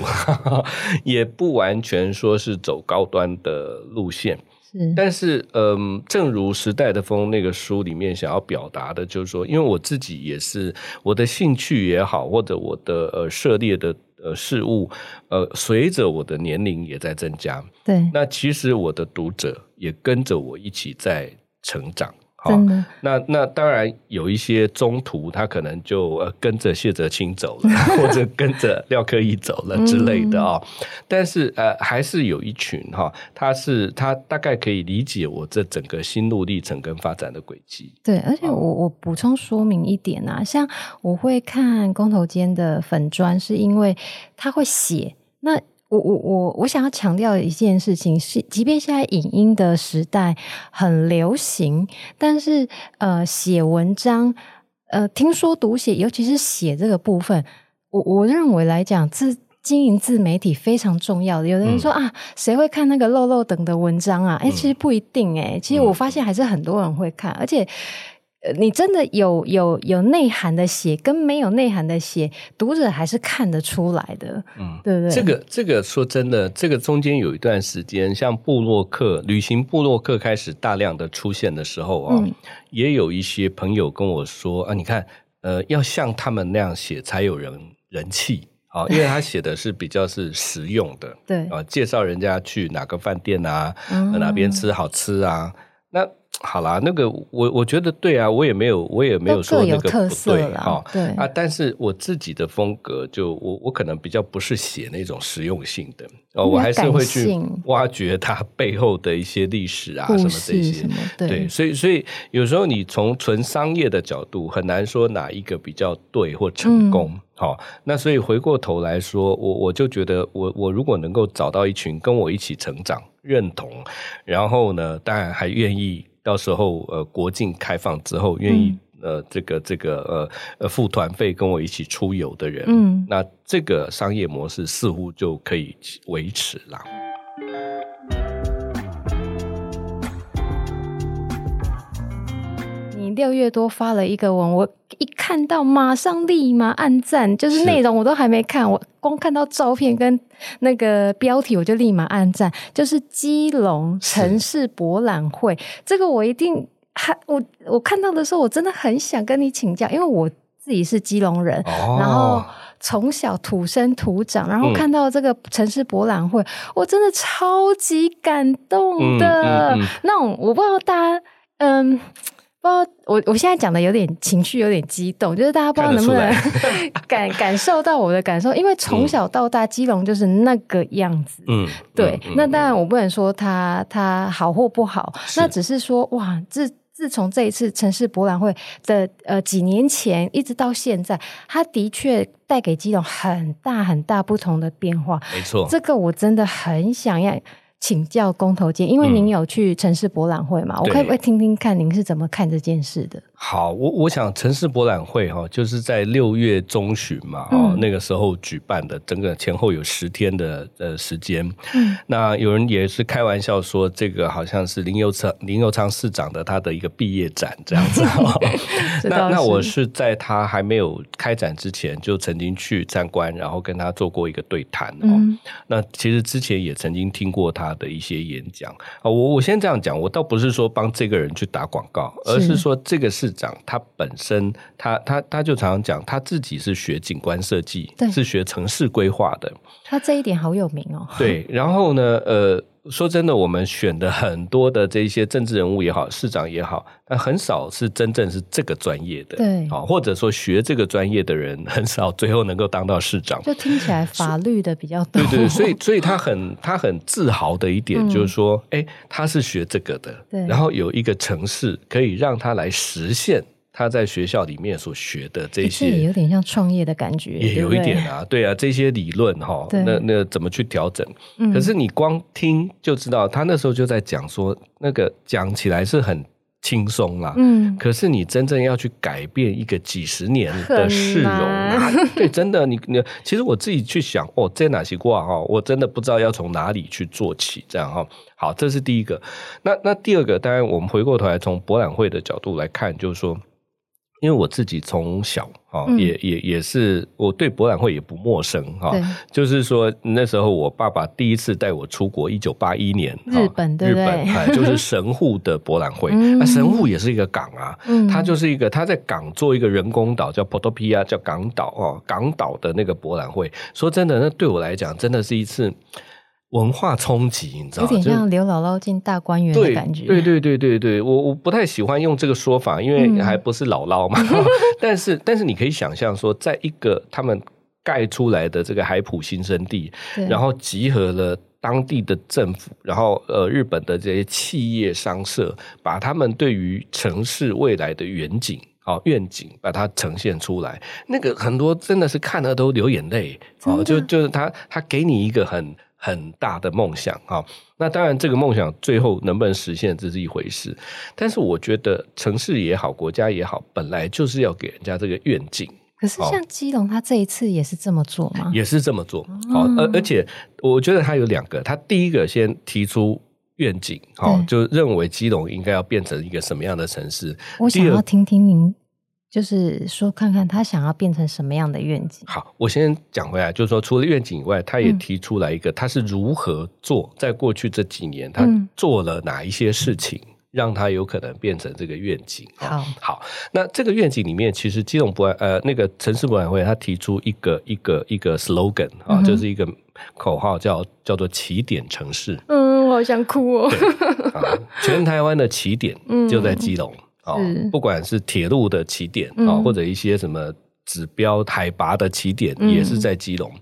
嗯、 (laughs) 也不完全說是走高端的路線。但是，嗯，正如《時代的風》那個書裡面想要表達的，就是說，因為我自己也是我的興趣也好，或者我的呃涉獵的呃事物，呃，隨着、呃、我的年齡也在增加。對，那其實我的讀者也跟着我一起在成長。好、哦，那那當然有一些中途他可能就、呃、跟着謝哲清走了， (laughs) 或者跟着廖克義走了之類的啊、哦。 (laughs) 嗯、但是呃，還是有一群哈、哦，他是他大概可以理解我這整個心路歷程跟發展的軌跡。對，而且我、哦、我補充說明一點啊，像我會看工頭堅的粉專，是因為他會寫那。我我我我想要強調一件事情是，即便現在影音的時代很流行，但是呃，寫文章，呃，聽說讀寫，尤其是寫這個部分，我我認為來講自經營自媒體非常重要的。有的人說、嗯、啊，誰會看那個漏漏等的文章啊？哎、欸，其實不一定哎、欸，其實我發現還是很多人會看，而且。你真的有有有內涵的寫，跟沒有內涵的寫，讀者還是看得出來的，嗯，對不對？這個這個說真的，這個中間有一段時間，像部落客，旅行部落客開始大量的出現的時候啊，嗯、也有一些朋友跟我說啊，你看，呃，要像他們那樣寫才有人人氣啊，因為他寫的是比較是實用的，對啊，介紹人家去哪個飯店啊，對哪邊吃好吃啊，嗯、那。好啦，那個我我覺得對啊，我也沒有，我也沒有說那個不對啊。對啊，但是我自己的風格就，就我我可能比較不是寫那種實用性的性哦，我還是會去挖掘它背後的一些歷史啊什麼這些。對，對，所以所以有時候你從純商業的角度很難說哪一個比較對或成功。好，嗯哦，那所以回過頭來說，我我就覺得我我如果能夠找到一群跟我一起成長、認同，然後呢，當然還願意。到時候呃，國境開放之後，願意呃，這個這個呃呃付團費跟我一起出遊的人，嗯，那這個商業模式似乎就可以維持了。六月多發了一個文，我一看到馬上立馬按讚，就是內容我都還沒看，是我光看到照片跟那個標題我就立馬按讚。就是基隆城市博覽會，是這個我一定還我我看到的時候，我真的很想跟你請教，因為我自己是基隆人，哦、然後從小土生土長，然後看到這個城市博覽會，嗯、我真的超級感動的，嗯嗯嗯、那種我不知道大家嗯。不知道，我我現在講的有點情緒，有點激動，就是大家不知道能不能 (laughs) 感感受到我的感受，因為從小到大，嗯、基隆就是那個樣子。嗯，對。嗯嗯、那當然，我不能說他他好或不好，是那只是說，哇，自自從這一次城市博覽會的呃幾年前一直到現在，他的確帶給基隆很大很大不同的變化。沒錯，這個我真的很想要。請教工頭堅，因為您有去城市博覽會嘛？嗯、我可不可以聽聽看您是怎麼看這件事的。好，我我想城市博覽會哈、喔，就是在六月中旬嘛、喔，哦、嗯，那個時候舉辦的，整個前後有十天的呃時間。嗯、那有人也是開玩笑說，這個好像是林右昌林右昌市長的他的一個畢業展這樣子、喔。 (laughs) 是那那我是在他還沒有開展之前，就曾經去參觀，然後跟他做過一個對談、喔。嗯、那其實之前也曾經聽過他的一些演講，我我先這樣講，我倒不是說幫這個人去打廣告，而是說這個是，是。講他本身，他他他就常常講，他自己是學景觀設計，對是學城市規劃的。他這一點好有名哦。對，然後呢，呃。說真的，我們選的很多的這些政治人物也好，市長也好，但很少是真正是這個專業的，對啊，或者說學這個專業的人很少，最後能夠當到市長。就聽起來法律的比較多，對，對對，所以所以他很他很自豪的一點 (laughs) 就是說，哎、欸，他是學這個的，對然後有一個城市可以讓他來實現。他在學校裡面所學的這些，有點像創業的感覺，也有一點啊，對啊，這些理論哈，那那怎麼去調整？可是你光聽就知道，他那時候就在講說，那個講起來是很輕鬆啦，可是你真正要去改變一個幾十年的市容，對，真的，你其實我自己去想哦，這哪些卦哈，我真的不知道要從哪裡去做起，這樣哈。好，這是第一個。那那第二個，當然我們回過頭來從博覽會的角度來看，就是說。因為我自己從小也、嗯、也,也是，我對博覽會也不陌生對就是說，那時候我爸爸第一次帶我出國，一九八一年，日本,對對對日本就是神戶的博覽會， (laughs) 神戶也是一個港啊，嗯、它就是一個他在港做一個人工島，叫 Portopia 叫港島，港島的那個博覽會。說真的，那對我來講，真的是一次。文化衝擊，你知道嗎？有點像劉姥姥進大觀園的感覺。對對對對對，我我不太喜歡用這個說法，因為還不是姥姥嘛。但是、嗯、 (laughs) 但是，但是你可以想象說，在一個他們蓋出來的這個海埔新生地，對然後集合了當地的政府，然後呃，日本的這些企業商社，把他們對於城市未來的遠景、好、哦、願景，把它呈現出來。那個很多真的是看了都流眼淚的、哦、就就是他他給你一個很。很大的夢想。那當然，這個夢想最後能不能實現，這是一回事。但是我覺得，城市也好，國家也好，本來就是要給人家這個願景。可是，像基隆，他這一次也是這麼做嗎？也是這麼做。而、嗯、而且，我覺得他有兩個。他第一個先提出願景，對就認為基隆應該要變成一個什麼樣的城市。我想要聽聽您。就是說，看看他想要變成什麼樣的願景。好，我先講回來，就是說，除了願景以外，他也提出來一個，嗯、他是如何做，在過去這幾年，他做了哪一些事情，嗯、讓他有可能變成這個願景。好，好，那這個願景裡面，其實基隆博愛呃，那個城市博覽會，他提出一個一個一個 slogan 啊、哦，嗯、哼就是一個口號叫，叫叫做起點城市。嗯，我好想哭哦。 (laughs) 全台灣的起點就在基隆。嗯嗯啊，哦嗯、不管是鐵路的起點啊，哦嗯、或者一些什麼指標海拔的起點，也是在基隆。嗯、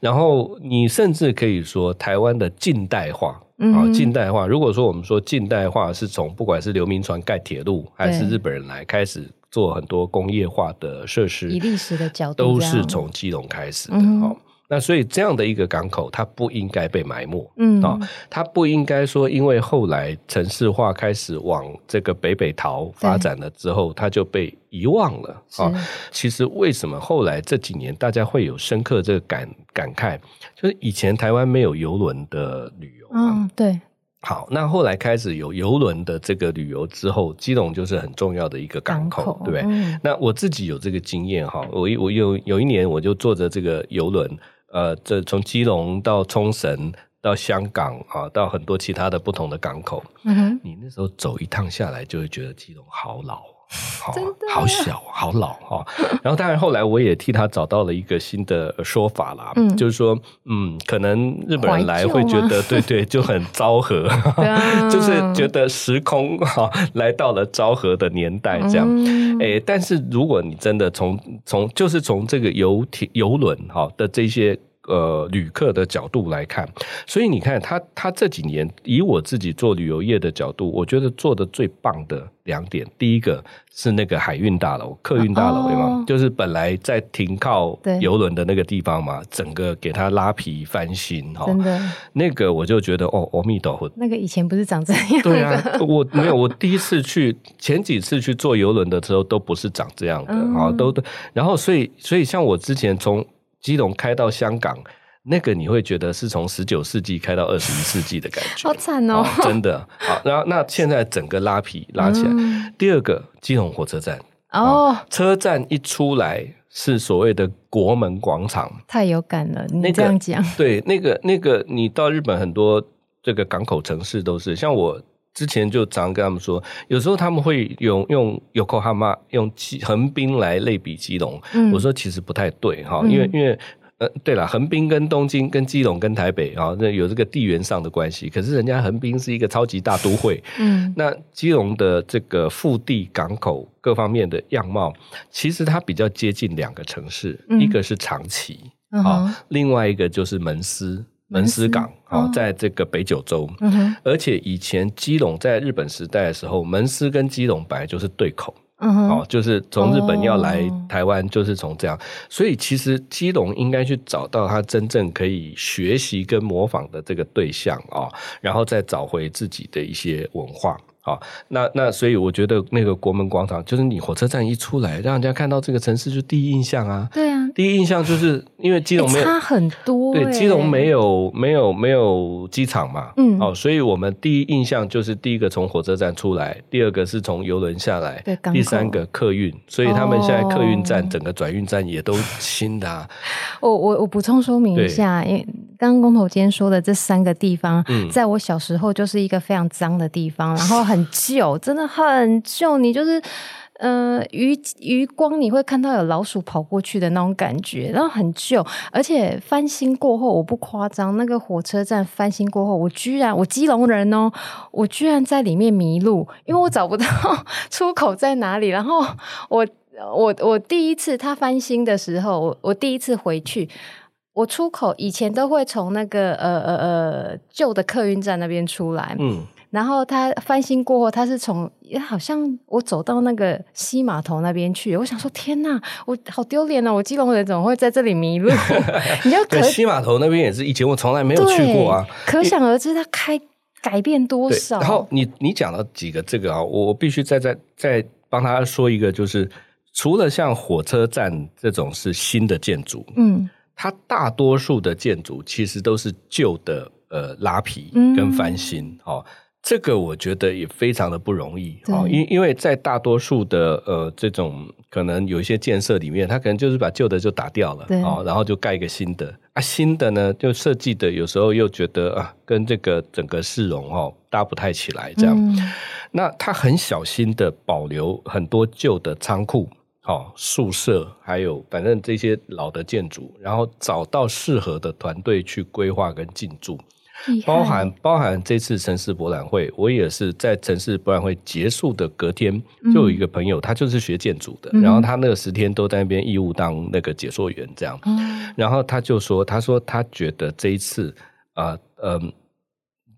然後你甚至可以說，台灣的近代化啊、嗯哼哦，近代化。如果說我們說近代化是從不管是劉銘傳蓋鐵路，還是日本人來開始做很多工業化的設施，對以歷史的角度都是從基隆開始的啊。那所以這樣的一個港口，它不應該被埋沒，嗯啊、哦，它不應該說因為後來城市化開始往這個北北桃發展了之後，對它就被遺忘了啊是、哦。其實為什麼後來這幾年大家會有深刻這個感感慨，就是以前台灣沒有遊輪的旅遊，嗯對。好，那後來開始有遊輪的這個旅遊之後，基隆就是很重要的一個港口，港口對不對？嗯、那我自己有這個經驗哈，我我有有一年我就坐着這個遊輪。呃，這從基隆到沖繩，到香港啊，到很多其他的不同的港口，嗯哼，你那時候走一趟下來，就會覺得基隆好老。好，的好小，好老、啊、然後，當然，後來我也替他找到了一個新的說法啦、嗯、就是說，嗯，可能日本人來會覺得，對對，就很昭和， (laughs) 啊、就是覺得時空哈、啊、來到了昭和的年代這樣。哎、嗯欸，但是如果你真的從從就是從這個遊艇遊輪哈的這些。呃，旅客的角度來看，所以你看他，他他這幾年以我自己做旅遊業的角度，我覺得做得最棒的兩點，第一個是那個海運大樓、客運大樓嘛、啊哦，就是本來在停靠遊輪的那個地方嘛，對整個給他拉皮翻新真的、哦，那個我就覺得哦，阿彌陀佛，那個以前不是長這樣？對啊，我沒有，我第一次去， (laughs) 前幾次去坐遊輪的時候都不是長這樣的、嗯哦、都然後，所以，所以像我之前從。基隆開到香港，那個你會覺得是從十九世紀開到二十一世紀的感覺。 (laughs) 好慘哦，哦，真的。好，然後那現在整個拉皮拉起來。嗯、第二個，基隆火車站。哦，哦車站一出來是所謂的國門廣場。太有感了，你這樣講，對那個那個，那個那個、你到日本很多這個港口城市都是，像我。之前就常跟他們說，有時候他們會用、ok oh、ama, 用 Yokohama 用橫濱來類比基隆，嗯、我說其實不太對哈，因為、嗯、因為呃對了，橫濱跟東京、跟基隆、跟台北啊，那有這個地緣上的關係，可是人家橫濱是一個超級大都會，嗯，那基隆的這個腹地、港口各方面的樣貌，其實它比較接近兩個城市，嗯、一個是長崎啊，嗯、另外一個就是門司。門司港啊，哦、在這個北九州，嗯、哼而且以前基隆在日本時代的時候，門司跟基隆本來就是對口，嗯哼哦、就是從日本要來、哦、台灣就是從這樣，所以其實基隆應該去找到他真正可以學習跟模仿的這個對象啊、哦，然後再找回自己的一些文化啊、哦，那那所以我覺得那個國門廣場就是你火車站一出來，讓人家看到這個城市就第一印象啊，對啊。第一印象就是因為基隆沒有、欸、差很多、欸，對，基隆沒有沒有沒有機場嘛，嗯哦、喔，所以我們第一印象就是第一個從火車站出來，第二個是從郵輪下來，對，第三個客運，所以他們現在客運站、哦、整個轉運站也都新的、啊我。我我我補充說明一下，對因為剛剛工頭今天說的這三個地方，嗯、在我小時候就是一個非常髒的地方，然後很舊， (laughs) 真的很舊，你就是。嗯，餘餘光，你會看到有老鼠跑過去的那種感覺，然後很舊，而且翻新過後，我不誇張，那個火車站翻新過後，我居然，我基隆人哦，我居然在裡面迷路，因為我找不到出口在哪裡。然後我我我第一次他翻新的時候，我我第一次回去，我出口以前都會從那個呃呃呃舊的客運站那邊出來，嗯。然後他翻新過後，他是從好像我走到那個西碼頭那邊去，我想說天哪，我好丟臉啊！我基隆人怎麼會在這裡迷路？ (laughs) 你可對，西碼頭那邊也是，以前我從來沒有去過啊。對可想而知，他開你改變多少。然後你你講了幾個這個啊、哦，我我必須再再再幫他說一個，就是除了像火車站這種是新的建築，嗯，它大多數的建築其實都是舊的，呃，拉皮跟翻新、嗯哦這個我覺得也非常的不容易，對因為在大多數的呃這種可能有一些建設裡面，他可能就是把舊的就打掉了，對然後就蓋一個新的啊，新的呢就設計的有時候又覺得啊，跟這個整個市容哦搭不太起來這樣。嗯、那他很小心的保留很多舊的倉庫、哦、宿舍，還有反正這些老的建築，然後找到適合的團隊去規劃跟進駐。包含包含這次城市博覽會，我也是在城市博覽會結束的隔天，就有一個朋友，嗯、他就是學建築的，嗯、然後他那個十天都在那邊義務當那個解說員，這樣。嗯、然後他就說，他說他覺得這一次啊，嗯、呃，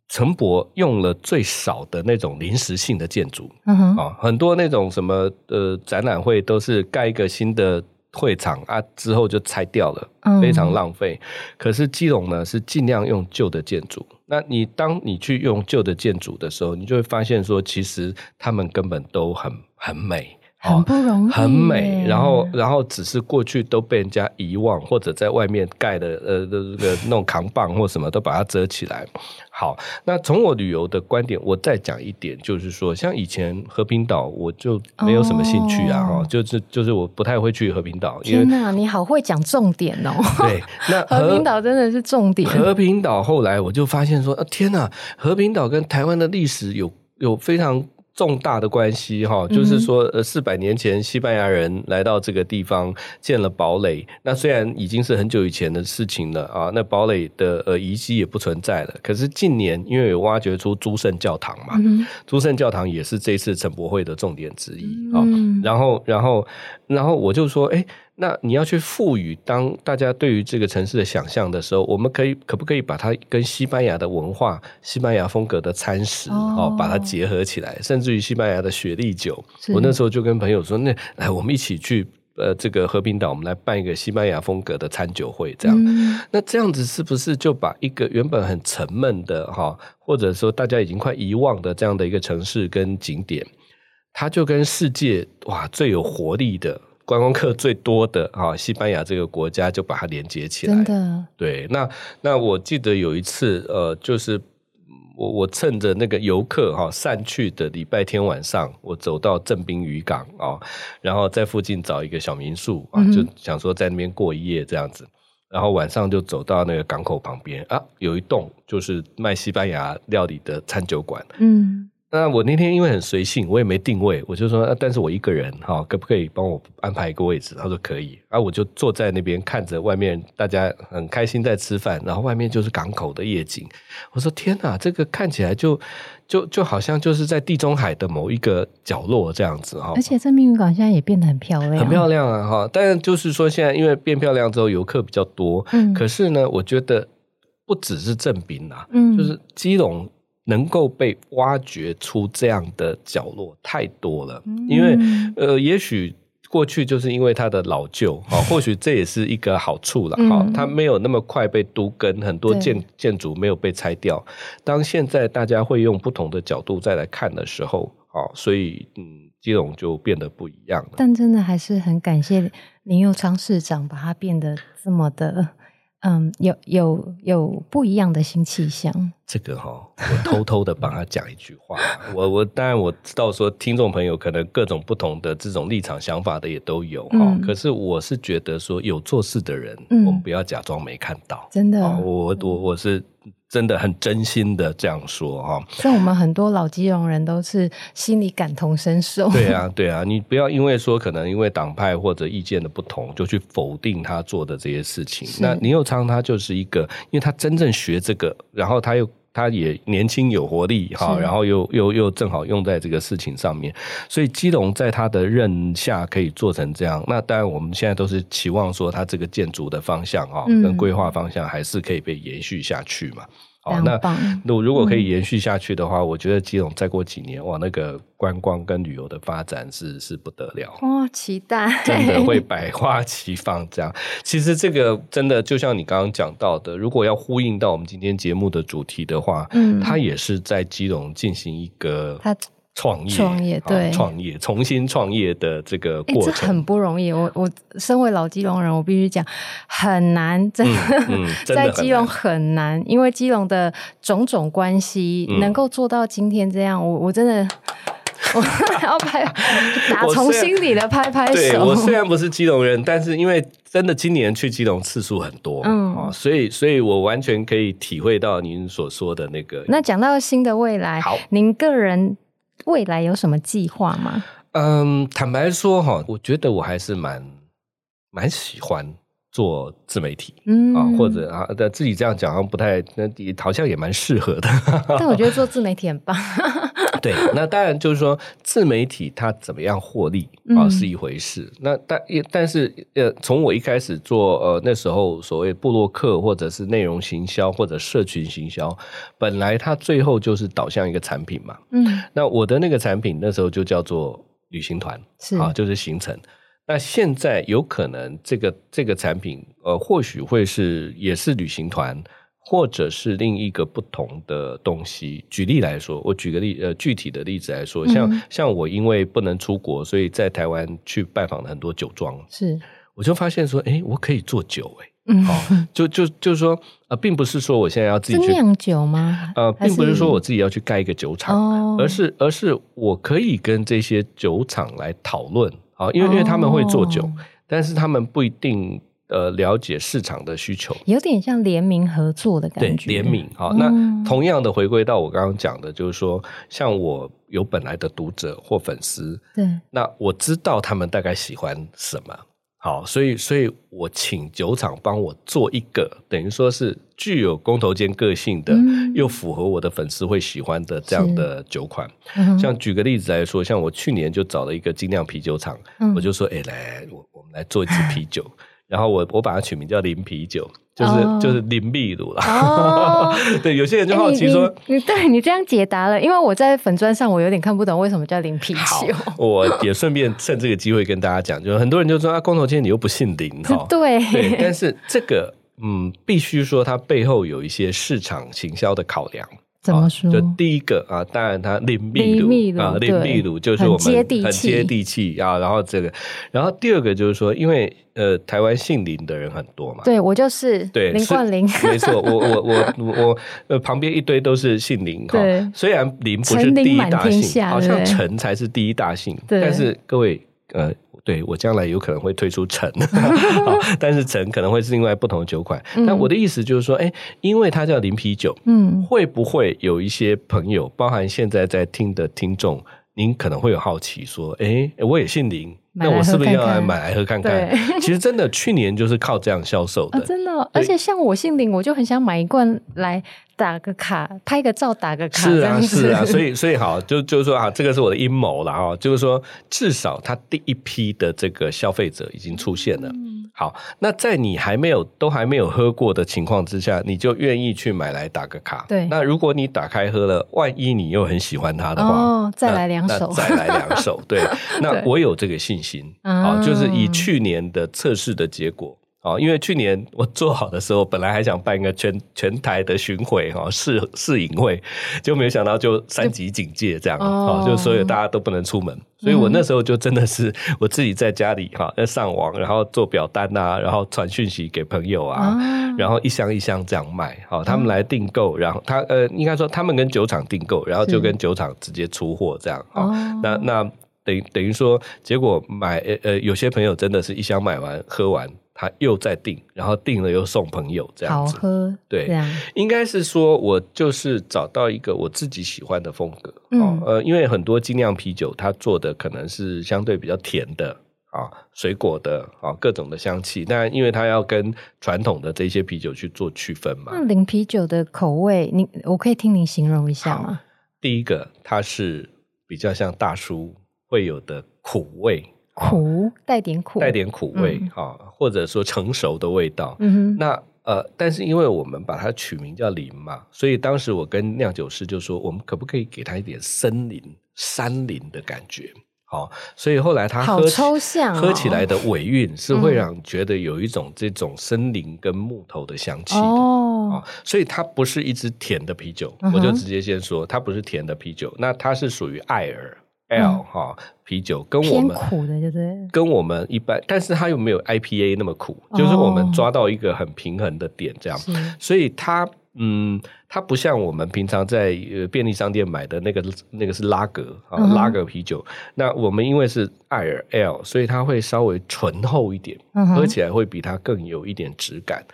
城、呃、博用了最少的那種臨時性的建築，嗯、哼啊，很多那種什麼呃展覽會都是蓋一個新的。會場啊，之後就拆掉了，嗯、非常浪費。可是基隆呢，是盡量用舊的建築。那你當你去用舊的建築的時候，你就會發現說，其實他們根本都很很美。很不容易，哦，很美。然後，然後只是過去都被人家遺忘，或者在外面蓋的呃的個、呃呃、那種扛棒或什麼，都把它折起來。好，那從我旅遊的觀點，我再講一點，就是說，像以前和平島，我就沒有什麼興趣啊，oh. 哦，就是就是我不太會去和平島。天哪、啊，因為，你好會講重點哦！對，那和、和平島真的是重點。和平島後來我就發現說，啊、天哪、啊，和平島跟台灣的歷史有有非常。重大的關係就是說，四百年前西班牙人來到這個地方建了堡壘。那雖然已經是很久以前的事情了那堡壘的遺迹也不存在了。可是近年因為有挖掘出諸聖教堂嘛，諸、嗯、聖教堂也是這次城博會的重點之一、嗯、然後，然後，然後我就說，哎。那你要去賦予當大家對於這個城市的想象的時候，我們可以可不可以把它跟西班牙的文化、西班牙風格的餐食、哦、把它結合起來，甚至於西班牙的雪莉酒。是我那時候就跟朋友說，那哎，我們一起去呃這個和平島，我們來辦一個西班牙風格的餐酒會，這樣。嗯、那這樣子是不是就把一個原本很沉悶的哈，或者說大家已經快遺忘的這樣的一個城市跟景點，它就跟世界哇最有活力的。觀光客最多的西班牙這個國家就把它連接起來。真的。對，那那我記得有一次，呃，就是我我趁着那個遊客哈、呃、散去的禮拜天晚上，我走到正濱漁港，然後在附近找一個小民宿啊、呃，就想說在那邊過一夜這樣子。嗯、然後晚上就走到那個港口旁邊啊，有一棟就是賣西班牙料理的餐酒館。嗯。那我那天因為很隨性，我也沒定位，我就說，啊、但是我一個人哈、哦，可不可以幫我安排一個位置？他說可以，啊，我就坐在那邊看着外面大家很開心在吃飯，然後外面就是港口的夜景。我說天吶，這個看起來就就就好像就是在地中海的某一個角落這樣子哈。而且這命運港現在也變得很漂亮，很漂亮啊哈。但是就是說現在因為變漂亮之後遊客比較多，嗯、可是呢，我覺得不只是正濱啊，嗯，就是基隆。能夠被挖掘出這樣的角落太多了，嗯、因為呃，也許過去就是因為它的老舊啊、喔，或許這也是一個好處了哈、嗯喔，它沒有那麼快被都更，很多建對建築沒有被拆掉。當現在大家會用不同的角度再來看的時候啊、喔，所以嗯，基隆就變得不一樣了。但真的還是很感謝林右昌市長，把它變得這麼的。嗯，有有有不一樣的新氣象。這個哈、哦，我偷偷的幫他講一句話。 (laughs) 我我當然我知道說，聽眾朋友可能各種不同的這種立場、想法的也都有哈、哦。嗯、可是我是覺得說，有做事的人，我們不要假裝沒看到。嗯、真的，我我我是。真的很真心的這樣說哈，像我們很多老基隆人都是心裡感同身受。對啊，對啊，你不要因為說可能因為黨派或者意見的不同，就去否定他做的這些事情。是那林右昌他就是一個，因為他真正學這個，然後他又。他也年輕有活力，哈，然後又又又正好用在這個事情上面，所以基隆在他的任下可以做成這樣。那當然我們現在都是期望說，他這個建築的方向哈、哦，嗯、跟規劃方向還是可以被延續下去嘛。哦，那如果可以延續下去的話，嗯、我覺得基隆再過幾年，哇，那個觀光跟旅遊的發展是是不得了。哇、哦，期待真的會百花齊放。這樣，對其實這個真的就像你剛剛講到的，如果要呼應到我們今天節目的主題的話，嗯，它也是在基隆進行一個創業，創業，對，哦、創業，重新創業的這個過程、欸、這很不容易。我我身為老基隆人，我必須講很難。真的，嗯嗯、真的在基隆很難，因為基隆的種種關係，嗯、能夠做到今天這樣，我我真的，嗯、我還要拍，打從心裡的拍拍手。我對。我雖然不是基隆人，但是因為真的今年去基隆次數很多，嗯、哦，所以所以我完全可以體會到您所說的那個。那講到新的未來，好，您個人。未來有什麼計劃嗎？嗯，坦白說哈，我覺得我還是蠻蠻喜歡做自媒體，嗯啊，或者啊，自己這樣講好像不太，那好像也蠻適合的。但 (laughs) 我覺得做自媒體很棒。 (laughs) (laughs) 對，那當然就是說自媒體它怎麼樣獲利啊是一回事。嗯、那但但是呃，從我一開始做呃那時候所謂部落客或者是內容行銷或者社群行銷，本來它最後就是導向一個產品嘛。嗯，那我的那個產品那時候就叫做旅行團，是啊就是行程。那現在有可能這個這個產品呃或許會是也是旅行團。或者是另一個不同的東西。舉例來說，我舉個例，呃，具體的例子來說，像、嗯、像我因為不能出國，所以在台灣去拜訪了很多酒莊，是，我就發現說，哎，我可以做酒、欸，哎、嗯，嗯、哦、就就就是說，呃，並不是說我現在要自己去釀酒嗎？呃，並不是說我自己要去蓋一個酒廠，哦、而是而是我可以跟這些酒廠來討論，啊、哦，因為、哦、因為他們會做酒，但是他們不一定。呃，了解市場的需求，有點像聯名合作的感覺。聯名、嗯、好，那同樣的回歸到我剛剛講的，就是說，像我有本來的讀者或粉絲，對那我知道他們大概喜歡什麼，好，所以，所以我請酒廠幫我做一個，等於說是具有工頭堅個性的，嗯、又符合我的粉絲會喜歡的這樣的酒款。嗯、像舉個例子來說，像我去年就找了一個精釀啤酒廠，嗯、我就說，哎、欸，來我，我們來做一支啤酒。 (laughs) 然後我我把它取名叫“林啤酒”，就是、oh. 就是林祕魯了。哦，oh. (laughs) 對，有些人就好奇說，欸、你，你對你這樣解答了，因為我在粉專上我有點看不懂為什麼叫林啤酒。我也順便趁這個機會跟大家講， (laughs) 就是很多人就說啊，工頭堅你又不姓林哈？ (laughs) 對，對，但是這個嗯，必須說它背後有一些市場行銷的考量。怎麼說？Oh, 就第一個啊，當然他林秘魯魯啊，對林秘魯就是我們很接地氣啊。然後這個，然後第二個就是說，因為呃，台灣姓林的人很多嘛。對，我就是對林冠林，沒錯，我我我我，我呃，旁邊一堆都是姓林。哈對。雖然林不是第一大姓，好像陳才是第一大姓，對但是各位呃。對，我將來有可能會推出陳， (laughs) 但是陳可能會是另外不同酒款。 (laughs) 但我的意思就是說，哎、欸，因為它叫零啤酒，嗯，會不會有一些朋友，包含現在在聽的聽眾？您可能會有好奇，說：“哎、欸，我也姓林，看看那我是不是要來買來喝看看？”對 (laughs) 其實真的，去年就是靠這樣銷售的。哦、真的、哦，對而且像我姓林，我就很想買一罐來打個卡，拍個照打個卡。是啊，是啊。所以，所以好，就就是說啊，這個是我的陰謀了哦。就是說，至少他第一批的這個消費者已經出現了。嗯好，那在你還沒有都還沒有喝過的情況之下，你就願意去買來打個卡？對。那如果你打開喝了，萬一你又很喜歡它的話，哦，再來兩手，再來兩手。 (laughs) 對，那對我有這個信心。好，就是以去年的測試的結果。嗯嗯哦，因為去年我做好的時候，本來還想辦一個全全台的巡迴哈試試飲會，就沒有想到就三級警戒這樣啊，就、哦、就所以大家都不能出門，嗯、所以我那時候就真的是我自己在家裡哈，要上網，然後做表單啊，然後傳訊息給朋友啊，啊然後一箱一箱這樣賣，好，他們來訂購，然後他呃，應該說他們跟酒廠訂購，然後就跟酒廠直接出貨這樣啊是、哦，那那等於等於說，結果買呃有些朋友真的是一箱買完喝完。他又在訂，然後訂了又送朋友這樣子。好喝，對，這樣。應該是說，我就是找到一個我自己喜歡的風格。嗯呃、因為很多精釀啤酒它做的可能是相對比較甜的啊，水果的啊，各種的香氣。但因為它要跟傳統的這些啤酒去做區分嘛，那零、嗯、啤酒的口味，你我可以聽你形容一下嗎？第一個，它是比較像大叔會有的苦味。苦帶點苦，帶點苦味哈，嗯、或者說成熟的味道。嗯、哼那呃，但是因為我們把它取名叫林嘛，所以當時我跟釀酒師就說，我們可不可以給它一點森林、山林的感覺？好、哦，所以後來它喝好抽象。哦、喝起來的尾韻是會讓覺得有一種這種森林跟木頭的香氣的哦，哦，所以它不是一支甜的啤酒。嗯、哼我就直接先說它不是甜的啤酒，那它是屬於艾爾。L 哈啤酒，嗯、跟我們跟我們一般，但是它又沒有 IPA 那麼苦，哦、就是我們抓到一個很平衡的點這樣。是所以它嗯，它不像我們平常在便利商店買的那個那個是拉格啊拉格，嗯、哼啤酒。那我們因為是艾爾 L，所以它會稍微醇厚一點，嗯、哼喝起來會比它更有一點質感。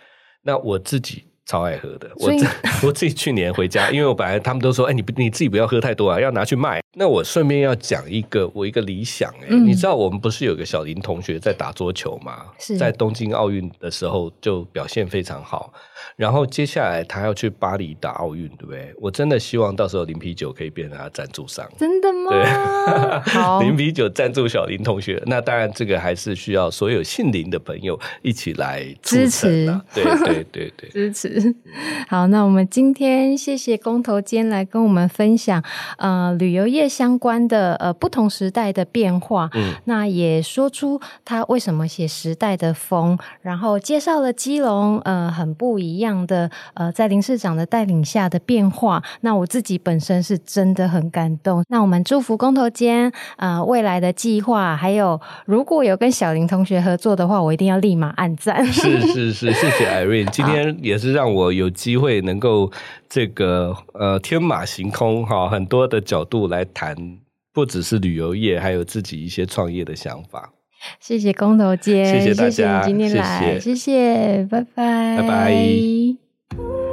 那我自己。超愛喝的，所以 我我自己去年回家，因為我本來他們都說，哎、欸，你不你自己不要喝太多啊，要拿去賣。那我順便要講一個我一個理想，哎、欸，嗯、你知道我們不是有個小林同學在打桌球嘛，是在東京奧運的時候就表現非常好，然後接下來他要去巴黎打奧運，對不對？我真的希望到時候林啤酒可以變成他贊助商，真的嗎？對，林 (laughs) 好啤酒贊助小林同學，那當然這個還是需要所有姓林的朋友一起來、啊、支持的。對對對對，支持。好，那我們今天謝謝工頭堅來跟我們分享呃旅遊業相關的呃不同時代的變化，嗯，那也說出他為什麼寫時代的風，然後介紹了基隆呃很不一樣的呃在林市長的帶領下的變化，那我自己本身是真的很感動，那我們祝福工頭堅呃未來的計劃，還有如果有跟小林同學合作的話，我一定要立馬按贊，是是是，謝謝 Irene， (laughs) 好今天也是讓。我有機會能夠這個呃天馬行空哈，很多的角度來談，不只是旅遊業，還有自己一些創業的想法。謝謝工頭堅，謝謝大家，謝謝今天來，謝謝，謝謝，拜拜，拜拜。